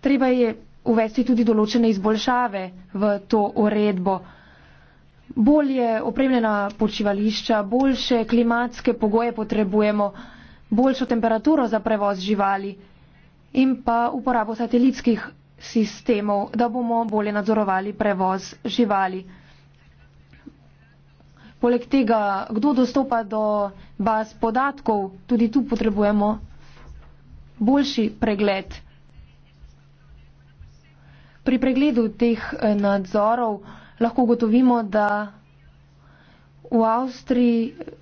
Treba je uvesti tudi določene izboljšave v to uredbo. Bolje opremljena počivališča, boljše klimatske pogoje potrebujemo, boljšo temperaturo za prevoz živali in pa uporabo satelitskih sistemov, da bomo bolje nadzorovali prevoz živali. Poleg tega, kdo dostopa do baz podatkov, tudi tu potrebujemo boljši pregled. Pri pregledu teh eh, nadzorov lahko gotovimo, da v Avstriji eh,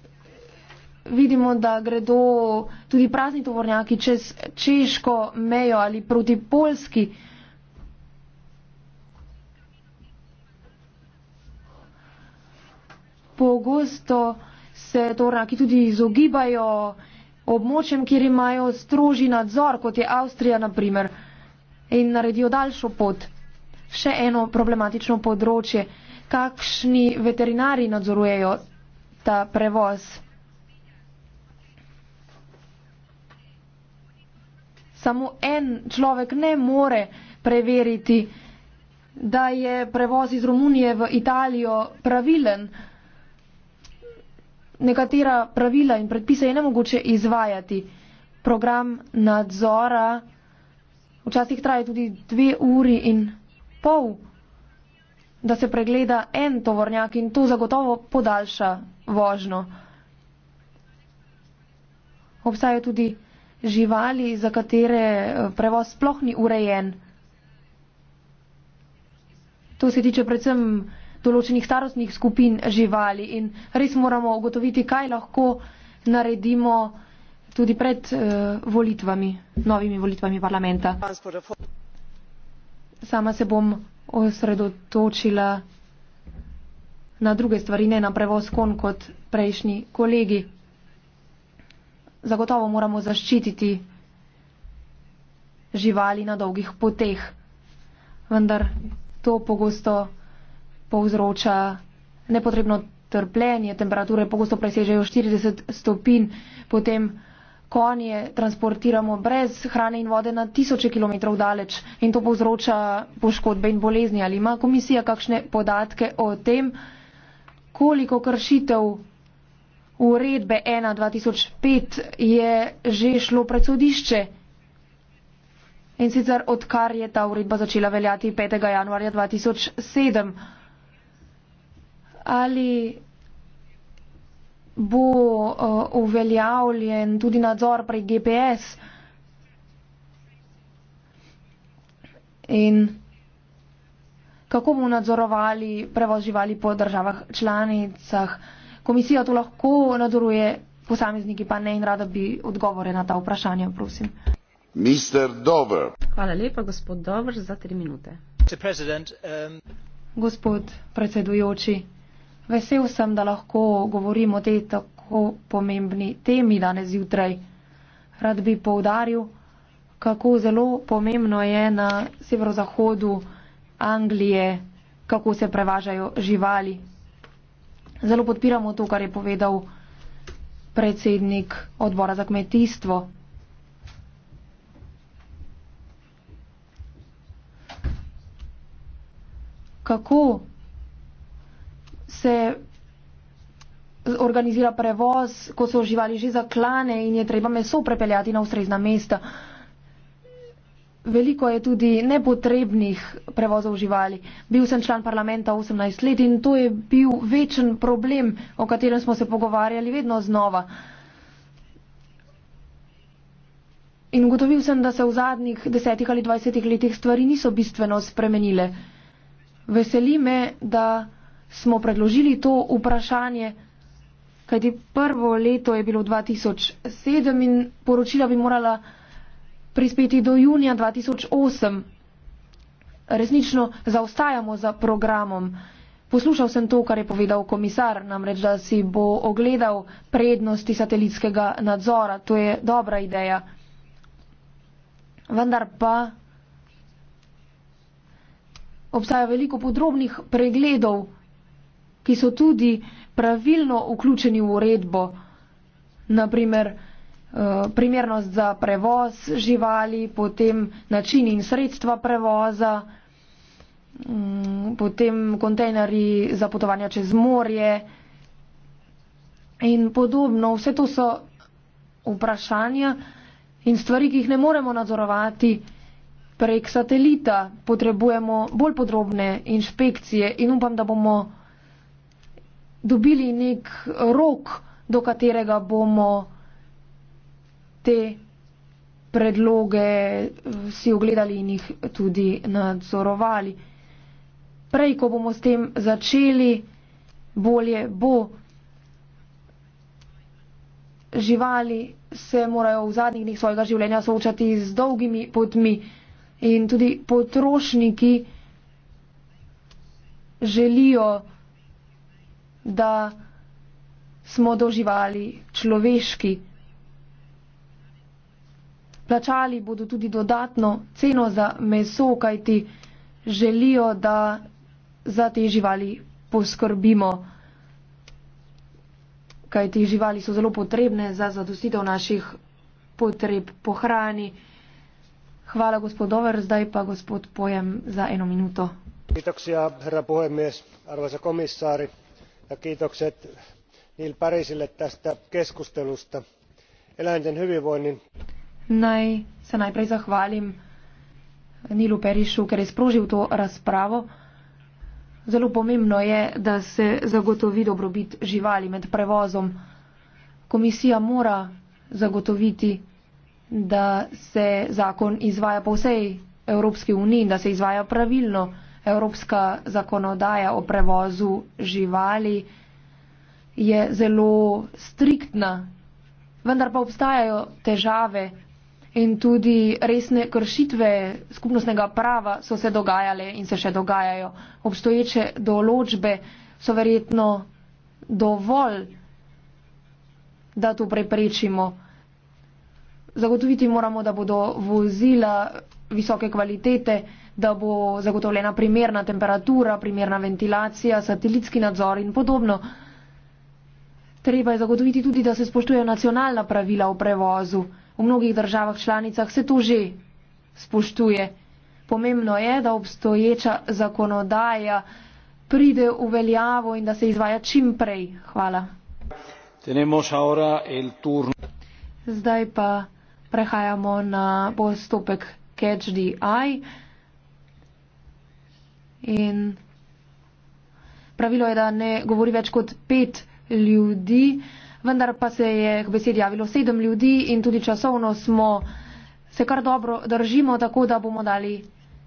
vidimo, da gredo tudi prazni tovornjaki čez češko mejo ali proti polski mejo. pogosto se to raki tudi izogibajo območjem, kjer imajo stroži nadzor, kot je Avstrija naprimer, in naredijo daljšo pot. Še eno problematično področje, kakšni veterinari nadzorujejo ta prevoz. Samo en človek ne more preveriti, da je prevoz iz Romunije v Italijo pravilen nekatera pravila in predpise je nemogoče izvajati. Program nadzora včasih traje tudi dve uri in pol, da se pregleda en tovornjak in to zagotovo podaljša vožno. Obstajajo tudi živali, za katere eh, prevoz sploh ni urejen. To se tiče predvsem določenih starostnih skupin živali in res moramo ugotoviti, kaj lahko naredimo tudi pred uh, volitvami, novimi volitvami parlamenta. Sama se bom osredotočila na druge stvari, ne na prevoz kon kot prejšnji kolegi. Zagotovo moramo zaščititi živali na dolgih poteh, vendar to pogosto povzroča nepotrebno trpljenje, temperature pogosto presežejo 40 stopinj, potem konje transportiramo brez hrane in vode na tisoče kilometrov daleč in to povzroča poškodbe in bolezni. Ali ima komisija kakšne podatke o tem, koliko kršitev uredbe 1.2005 je že šlo pred sodišče? In sicer odkar je ta uredba začela veljati 5. januarja 2007 ali bo uh, uveljavljen tudi nadzor pri GPS. In kako bomo nadzorovali prevoživali po državah članicah? Komisija to lahko nadzoruje, posamezniki pa ne in rada bi odgovore na ta vprašanja, prosim. Dover. Hvala lepa, gospod Dover, za tri minute. Um... Gospod predsedujoči. Vesel sem, da lahko govorim o tej tako pomembni temi danes jutraj. Rad bi poudaril, kako zelo pomembno je na severozahodu Anglije, kako se prevažajo živali. Zelo podpiramo to, kar je povedal predsednik odbora za kmetijstvo. Kako se organizira prevoz, ko so živali že zaklane in je treba meso prepeljati na ustrezna mesta. Veliko je tudi nepotrebnih prevozov živali. Bil sem član parlamenta 18 let in to je bil večen problem, o katerem smo se pogovarjali vedno znova. In ugotovil sem, da se v zadnjih desetih ali dvajsetih letih stvari niso bistveno spremenile. Veseli me, da smo predložili to vprašanje, kajti prvo leto je bilo 2007 in poročila bi morala prispeti do junija 2008. Resnično zaostajamo za programom. Poslušal sem to, kar je povedal komisar, namreč, da si bo ogledal prednosti satelitskega nadzora. To je dobra ideja. Vendar pa obstaja veliko podrobnih pregledov ki so tudi pravilno vključeni v uredbo, naprimer eh, primernost za prevoz živali, potem način in sredstva prevoza, mm, potem kontejneri za potovanja čez morje in podobno. Vse to so vprašanja in stvari, ki jih ne moremo nadzorovati prek satelita. Potrebujemo bolj podrobne inšpekcije in upam, da bomo dobili nek rok, do katerega bomo te predloge eh, si ogledali in jih tudi nadzorovali. Prej, ko bomo s tem začeli, bolje bo. Živali se morajo v zadnjih dneh svojega življenja soočati z dolgimi potmi in tudi potrošniki želijo da smo doživali človeški. Plačali bodo tudi dodatno ceno za meso, kajti želijo, da za te živali poskrbimo, kajti živali so zelo potrebne za zadostitev naših potreb po hrani. Hvala, gospod Dover, zdaj pa gospod Pojem za eno minuto. Kiitoksia, herra puhemies, arvoisa komissaari ja kiitokset neil parisille tästä keskustelusta. Eläinten hyvinvoinnin. Naj se najprej zahvalim Nilu Perišu, ker je sprožil to razpravo. Zelo pomembno je, da se zagotovi dobrobit živali med prevozom. Komisija mora zagotoviti, da se zakon izvaja po vsej Evropski uniji, da se izvaja pravilno evropska zakonodaja o prevozu živali je zelo striktna, vendar pa obstajajo težave in tudi resne kršitve skupnostnega prava so se dogajale in se še dogajajo. Obstoječe določbe so verjetno dovolj, da to preprečimo. Zagotoviti moramo, da bodo vozila visoke kvalitete, da bo zagotovljena primerna temperatura, primerna ventilacija, satelitski nadzor in podobno. Treba je zagotoviti tudi, da se spoštujejo nacionalna pravila o prevozu. V mnogih državah članicah se to že spoštuje. Pomembno je, da obstoječa zakonodaja pride v veljavo in da se izvaja čim prej. Hvala. Zdaj pa prehajamo na postopek catch the eye. In pravilo je, da ne govori več kot pet ljudi, vendar pa se je k besedi javilo sedem ljudi in tudi časovno smo se kar dobro držimo, tako da bomo dali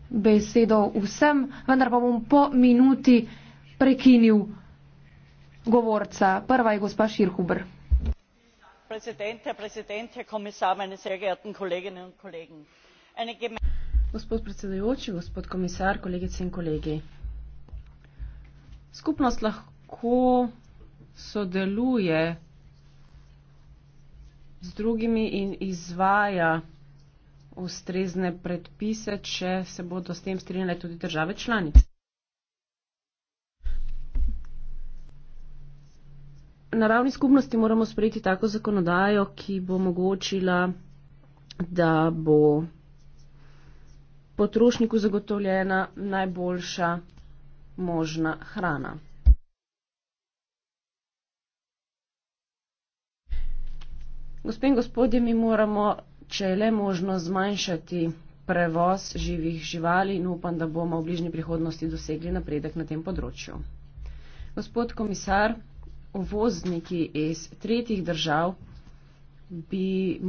besedo vsem, vendar pa bom po minuti prekinil govorca. Prva je gospa Širhuber. Predsednik, predsednik, komisar, moje drage kolegice in kolegi. Gospod predsedujoči, gospod komisar, kolegice in kolegi. Skupnost lahko sodeluje z drugimi in izvaja ustrezne predpise, če se bodo s tem strinjale tudi države članice. Na ravni skupnosti moramo sprejeti tako zakonodajo, ki bo omogočila, da bo potrošniku zagotovljena najboljša možna hrana. Gospe in gospodje, mi moramo, če je le možno, zmanjšati prevoz živih živali in upam, da bomo v bližnji prihodnosti dosegli napredek na tem področju. Gospod komisar, uvozniki iz tretjih držav bi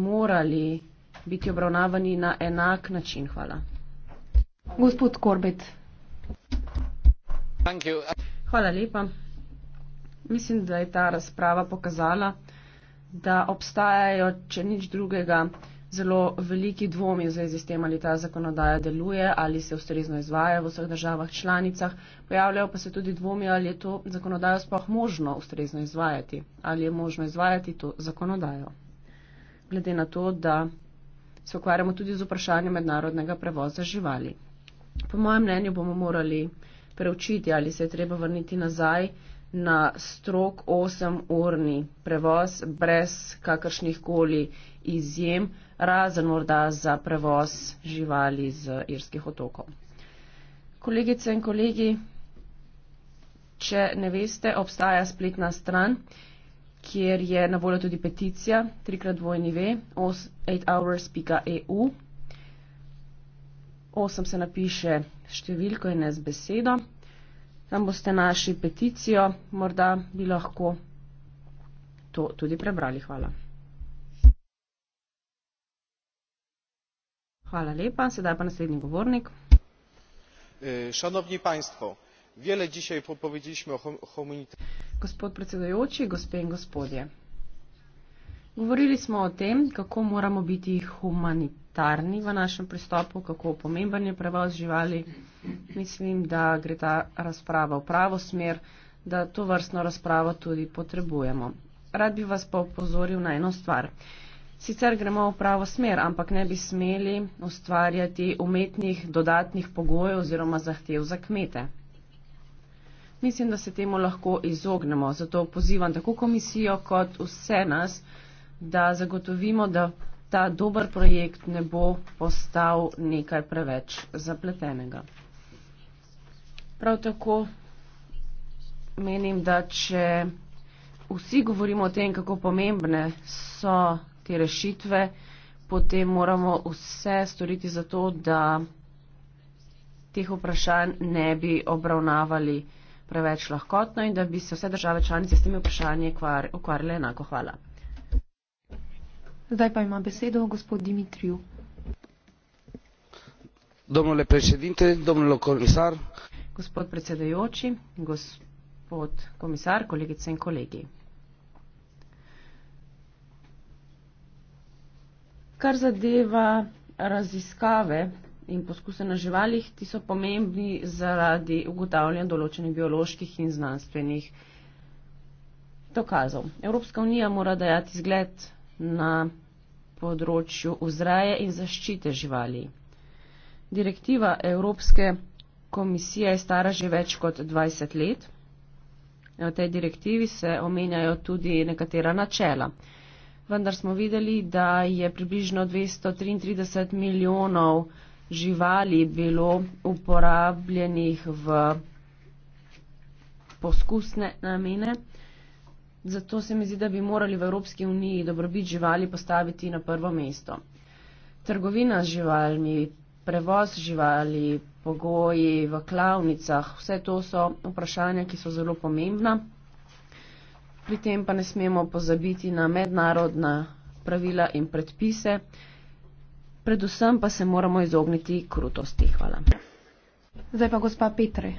morali biti obravnavani na enak način. Hvala. Hvala lepa. Mislim, da je ta razprava pokazala, da obstajajo, če nič drugega, zelo veliki dvomi v zvezi s tem, ali ta zakonodaja deluje, ali se ustrezno izvaja v vseh državah članicah. Pojavljajo pa se tudi dvomi, ali je to zakonodajo sploh možno ustrezno izvajati, ali je možno izvajati to zakonodajo. Glede na to, da se ukvarjamo tudi z vprašanjem mednarodnega prevoza živali. Po mojem mnenju bomo morali preučiti, ali se je treba vrniti nazaj na strok 8-urni prevoz brez kakršnih koli izjem, razen morda za prevoz živali z irskih otokov. Kolegice in kolegi, če ne veste, obstaja spletna stran, kjer je na voljo tudi peticija 3x2nv 8hours.eu. 8 se napiše številko in ne z besedo. Tam boste našli peticijo, morda bi lahko to tudi prebrali. Hvala. Hvala lepa. Sedaj pa naslednji govornik. Šanovni e, panjstvo, vele dišaj popovediliśmy o humanitarni. Gospod predsedujoči, gospe in gospodje. Govorili smo o tem, kako moramo biti humanitarni humanitarni v našem pristopu, kako pomemben je prevoz živali. Mislim, da gre ta razprava v pravo smer, da to vrstno razpravo tudi potrebujemo. Rad bi vas pa upozoril na eno stvar. Sicer gremo v pravo smer, ampak ne bi smeli ustvarjati umetnih dodatnih pogojev oziroma zahtev za kmete. Mislim, da se temu lahko izognemo, zato pozivam tako komisijo kot vse nas, da zagotovimo, da ta dober projekt ne bo postal nekaj preveč zapletenega. Prav tako menim, da če vsi govorimo o tem, kako pomembne so te rešitve, potem moramo vse storiti za to, da teh vprašanj ne bi obravnavali preveč lahkotno in da bi se vse države članice s temi vprašanji ukvarjale enako. Hvala. Zdaj pa ima besedo gospod Dimitriju. Domnule predsednice, domnule komisar. Gospod predsedajoči, gospod komisar, kolegice in kolegi. Kar zadeva raziskave in poskuse na živalih, ti so pomembni zaradi ugotavljanja določenih bioloških in znanstvenih dokazov. Evropska unija mora dajati zgled na področju vzraje in zaščite živali. Direktiva Evropske komisije je stara že več kot 20 let. V tej direktivi se omenjajo tudi nekatera načela. Vendar smo videli, da je približno 233 milijonov živali bilo uporabljenih v poskusne namene. Zato se mi zdi, da bi morali v Evropski uniji dobrobit živali postaviti na prvo mesto. Trgovina z živalmi, prevoz živali, pogoji v klavnicah, vse to so vprašanja, ki so zelo pomembna. Pri tem pa ne smemo pozabiti na mednarodna pravila in predpise. Predvsem pa se moramo izogniti krutosti. Hvala. Zdaj pa gospa Petre.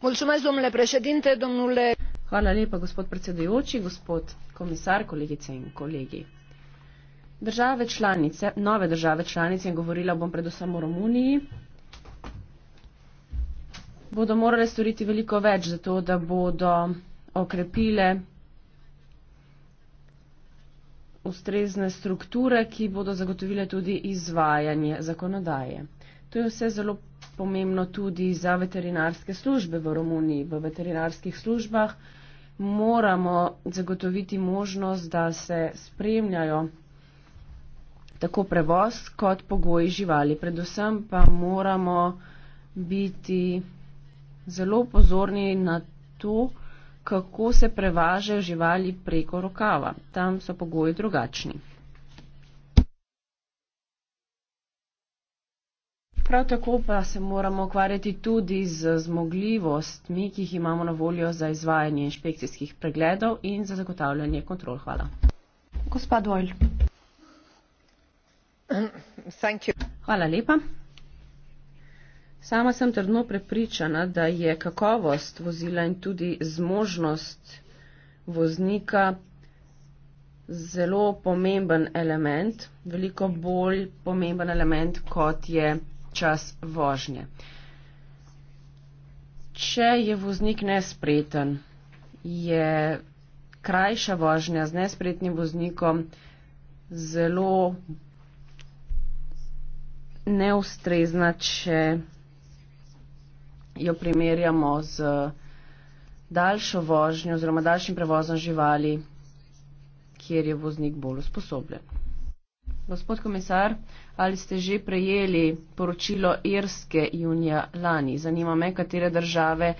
Mulțumesc, domnule președinte, domnule. Hvala lepa, gospod predsedujoči, gospod komisar, kolegice in kolegi. Države članice, nove države članice, govorila bom predvsem o Romuniji, bodo morale storiti veliko več za to, da bodo okrepile ustrezne strukture, ki bodo zagotovile tudi izvajanje zakonodaje. To je vse zelo pomembno tudi za veterinarske službe v Romuniji. V veterinarskih službah moramo zagotoviti možnost, da se spremljajo tako prevoz kot pogoji živali. Predvsem pa moramo biti zelo pozorni na to, kako se prevažajo živali preko rokava. Tam so pogoji drugačni. Prav tako pa se moramo ukvarjati tudi z zmogljivostmi, ki jih imamo na voljo za izvajanje inšpekcijskih pregledov in za zagotavljanje kontrol. Hvala. Gospa Dvojl. Hvala lepa. Sama sem trdno prepričana, da je kakovost vozila in tudi zmožnost voznika zelo pomemben element, veliko bolj pomemben element, kot je čas vožnje. Če je voznik nespreten, je krajša vožnja z nespretnim voznikom zelo neustrezna, če jo primerjamo z daljšo vožnjo oziroma daljšim prevozom živali, kjer je voznik bolj usposobljen. Gospod komisar, ali ste že prejeli poročilo Irske junija lani? Zanima me, katere države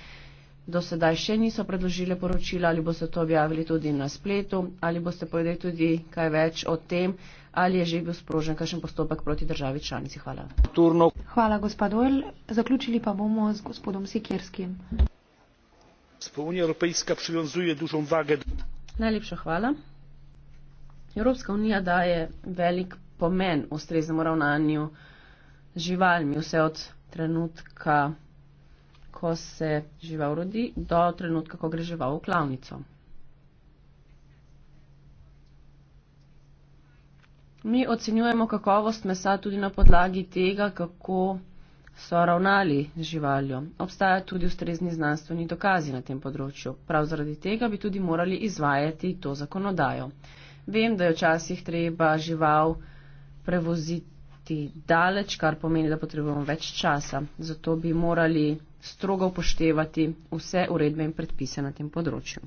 do sedaj še niso predložile poročila, ali boste to objavili tudi na spletu, ali boste povedali tudi kaj več o tem, ali je že bil sprožen kakšen postopek proti državi članici. Hvala. Turno. Hvala, gospod Oil. Zaključili pa bomo z gospodom Sikirskim. Najlepša hvala. Evropska unija daje velik pomen ustreznemu ravnanju z živalmi, vse od trenutka, ko se žival rodi, do trenutka, ko gre žival v klavnico. Mi ocenjujemo kakovost mesa tudi na podlagi tega, kako so ravnali z živaljo. Obstaja tudi ustrezni znanstveni dokazi na tem področju. Prav zaradi tega bi tudi morali izvajati to zakonodajo. Vem, da je včasih treba žival prevoziti daleč, kar pomeni, da potrebujemo več časa. Zato bi morali strogo upoštevati vse uredbe in predpise na tem področju.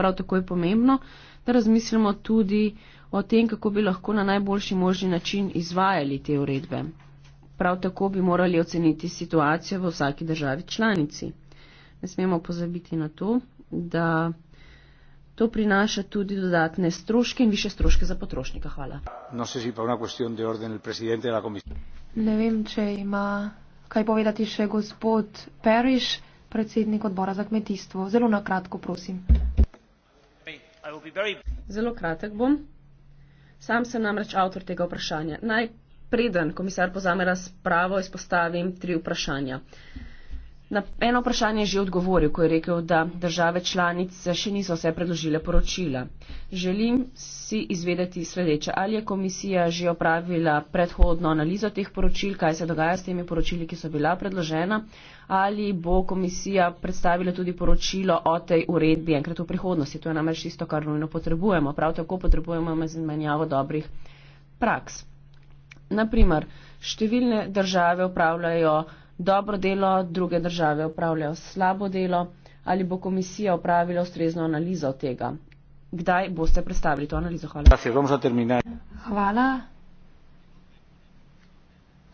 Prav tako je pomembno, da razmislimo tudi o tem, kako bi lahko na najboljši možni način izvajali te uredbe. Prav tako bi morali oceniti situacijo v vsaki državi članici. Ne smemo pozabiti na to, da To prinaša tudi dodatne stroške in više stroške za potrošnika. Hvala. No ne vem, če ima kaj povedati še gospod Periš, predsednik odbora za kmetijstvo. Zelo na kratko, prosim. Zelo kratek bom. Sam sem namreč avtor tega vprašanja. Naj preden komisar pozame razpravo, izpostavim tri vprašanja. Na eno vprašanje je že odgovoril, ko je rekel, da države članice še niso vse predložile poročila. Želim si izvedeti sledeče, ali je komisija že opravila predhodno analizo teh poročil, kaj se dogaja s temi poročili, ki so bila predložena, ali bo komisija predstavila tudi poročilo o tej uredbi enkrat v prihodnosti. To je namreč tisto, kar nujno potrebujemo. Prav tako potrebujemo izmenjavo dobrih praks. Naprimer, številne države upravljajo dobro delo, druge države upravljajo slabo delo. Ali bo komisija upravila ustrezno analizo tega? Kdaj boste predstavili to analizo? Hvala. Hvala.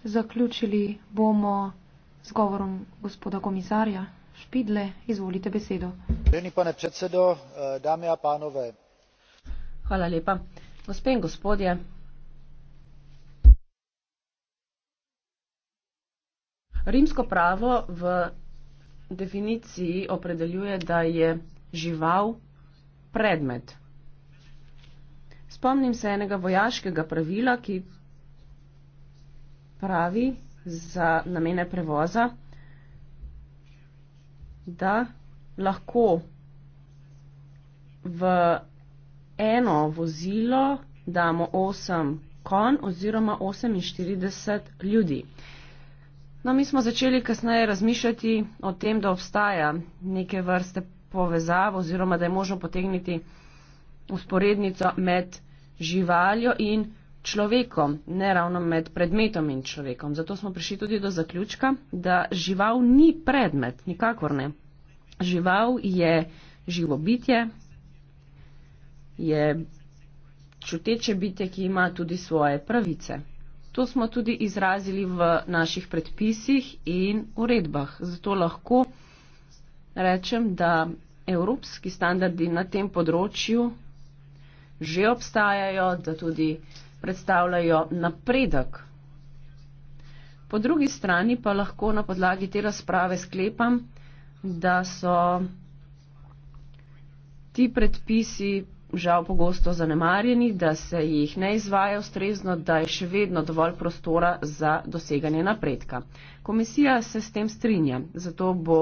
Zaključili bomo z govorom gospoda komisarja Špidle. Izvolite besedo. Predsedo, pánove. Hvala lepa. Gospe in gospodje, Rimsko pravo v definiciji opredeljuje, da je žival predmet. Spomnim se enega vojaškega pravila, ki pravi za namene prevoza, da lahko v eno vozilo damo 8 kon oziroma 48 ljudi. No, mi smo začeli kasneje razmišljati o tem, da obstaja neke vrste povezavo oziroma da je možno potegniti usporednico med živaljo in človekom, ne ravno med predmetom in človekom. Zato smo prišli tudi do zaključka, da žival ni predmet, nikakor ne. Žival je živo bitje, je čuteče bitje, ki ima tudi svoje pravice. To smo tudi izrazili v naših predpisih in uredbah. Zato lahko rečem, da evropski standardi na tem področju že obstajajo, da tudi predstavljajo napredek. Po drugi strani pa lahko na podlagi te razprave sklepam, da so ti predpisi žal pogosto zanemarjeni, da se jih ne izvaja ustrezno, da je še vedno dovolj prostora za doseganje napredka. Komisija se s tem strinja, zato bo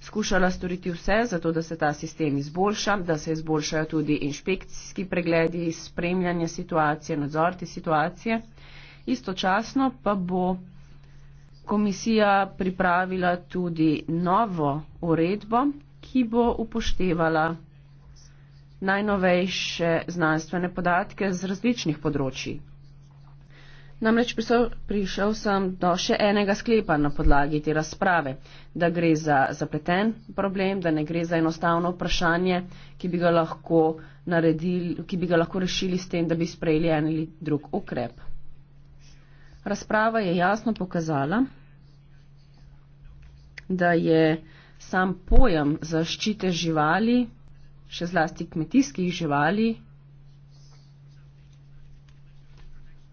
skušala storiti vse, zato da se ta sistem izboljša, da se izboljšajo tudi inšpekcijski pregledi, spremljanje situacije, nadzor te situacije. Istočasno pa bo komisija pripravila tudi novo uredbo, ki bo upoštevala najnovejše znanstvene podatke z različnih področji. Namreč prišel sem do še enega sklepa na podlagi te razprave, da gre za zapleten problem, da ne gre za enostavno vprašanje, ki bi ga lahko, naredili, ki bi ga lahko rešili s tem, da bi sprejeli en ali drug ukrep. Razprava je jasno pokazala, da je sam pojem zaščite živali še zlasti kmetijskih živali,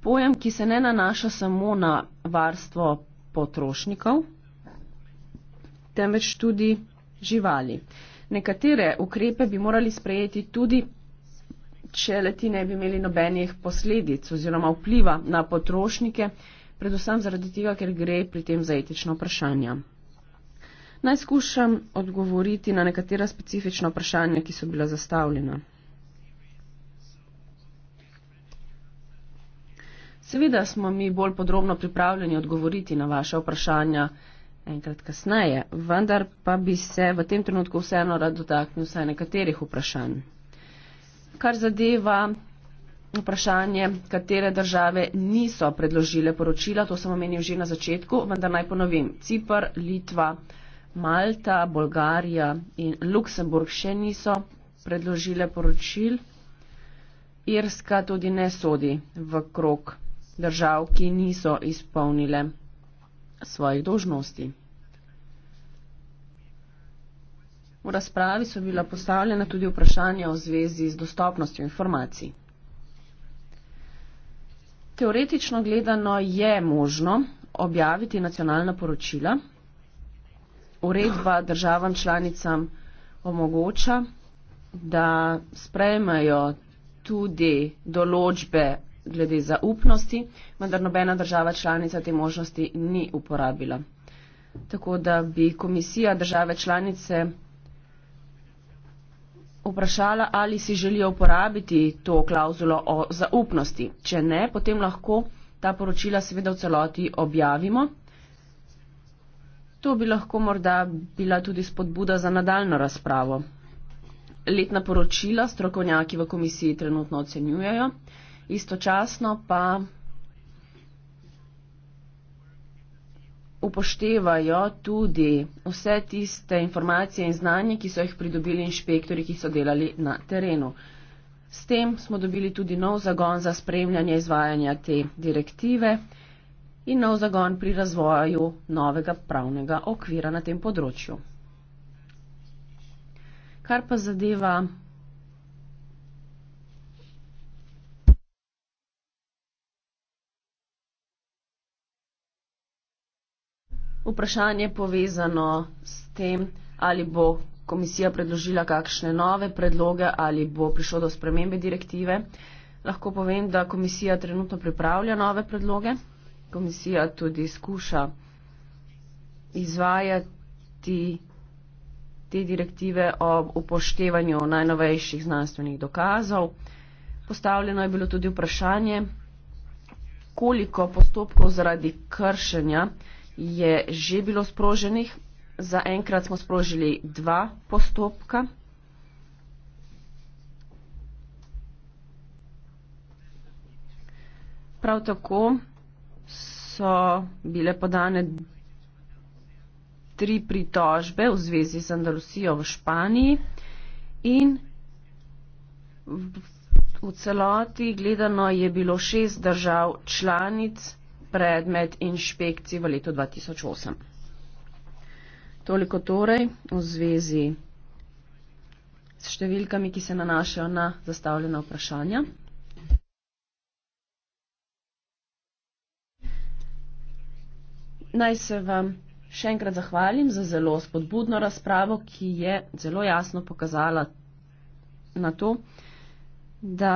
pojem, ki se ne nanaša samo na varstvo potrošnikov, temveč tudi živali. Nekatere ukrepe bi morali sprejeti tudi, če leti ne bi imeli nobenih posledic oziroma vpliva na potrošnike, predvsem zaradi tega, ker gre pri tem za etično vprašanje. Naj skušam odgovoriti na nekatera specifična vprašanja, ki so bila zastavljena. Seveda smo mi bolj podrobno pripravljeni odgovoriti na vaše vprašanja enkrat kasneje, vendar pa bi se v tem trenutku vseeno rad dotaknil vsaj nekaterih vprašanj. Kar zadeva vprašanje, katere države niso predložile poročila, to sem omenil že na začetku, vendar naj ponovim. Cipr, Litva, Hrvatska. Malta, Bolgarija in Luksemburg še niso predložile poročil. Irska tudi ne sodi v krok držav, ki niso izpolnile svojih dožnosti. V razpravi so bila postavljena tudi vprašanja v zvezi z dostopnostjo informacij. Teoretično gledano je možno objaviti nacionalna poročila, uredba državam članicam omogoča, da sprejmajo tudi določbe glede zaupnosti, vendar nobena država članica te možnosti ni uporabila. Tako da bi komisija države članice vprašala, ali si želijo uporabiti to klauzulo o zaupnosti. Če ne, potem lahko ta poročila seveda v celoti objavimo. To bi lahko morda bila tudi spodbuda za nadaljno razpravo. Letna poročila strokovnjaki v komisiji trenutno ocenjujejo, istočasno pa upoštevajo tudi vse tiste informacije in znanje, ki so jih pridobili inšpektori, ki so delali na terenu. S tem smo dobili tudi nov zagon za spremljanje izvajanja te direktive in nov zagon pri razvoju novega pravnega okvira na tem področju. Kar pa zadeva vprašanje povezano s tem, ali bo komisija predložila kakšne nove predloge ali bo prišlo do spremembe direktive. Lahko povem, da komisija trenutno pripravlja nove predloge komisija tudi skuša izvajati te direktive o upoštevanju najnovejših znanstvenih dokazov. Postavljeno je bilo tudi vprašanje, koliko postopkov zaradi kršenja je že bilo sproženih. Za enkrat smo sprožili dva postopka. Prav tako so bile podane tri pritožbe v zvezi z Andalusijo v Španiji in v celoti gledano je bilo šest držav članic predmet inšpekcij v letu 2008. Toliko torej v zvezi s številkami, ki se nanašajo na zastavljena vprašanja. naj se vam še enkrat zahvalim za zelo spodbudno razpravo, ki je zelo jasno pokazala na to, da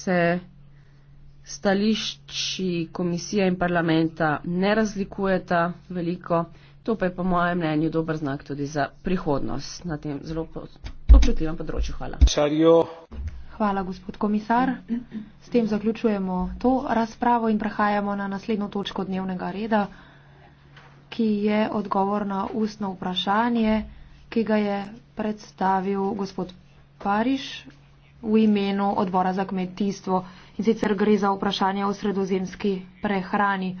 se stališči komisije in parlamenta ne razlikujeta veliko. To pa je po mojem mnenju dober znak tudi za prihodnost na tem zelo občutljivem področju. Hvala. Hvala, gospod komisar. S tem zaključujemo to razpravo in prehajamo na naslednjo točko dnevnega reda, ki je odgovor na ustno vprašanje, ki ga je predstavil gospod Pariš v imenu odbora za kmetijstvo. In sicer gre za vprašanje o sredozemski prehrani.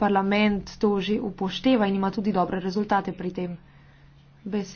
Parlament to že upošteva in ima tudi dobre rezultate pri tem. Besed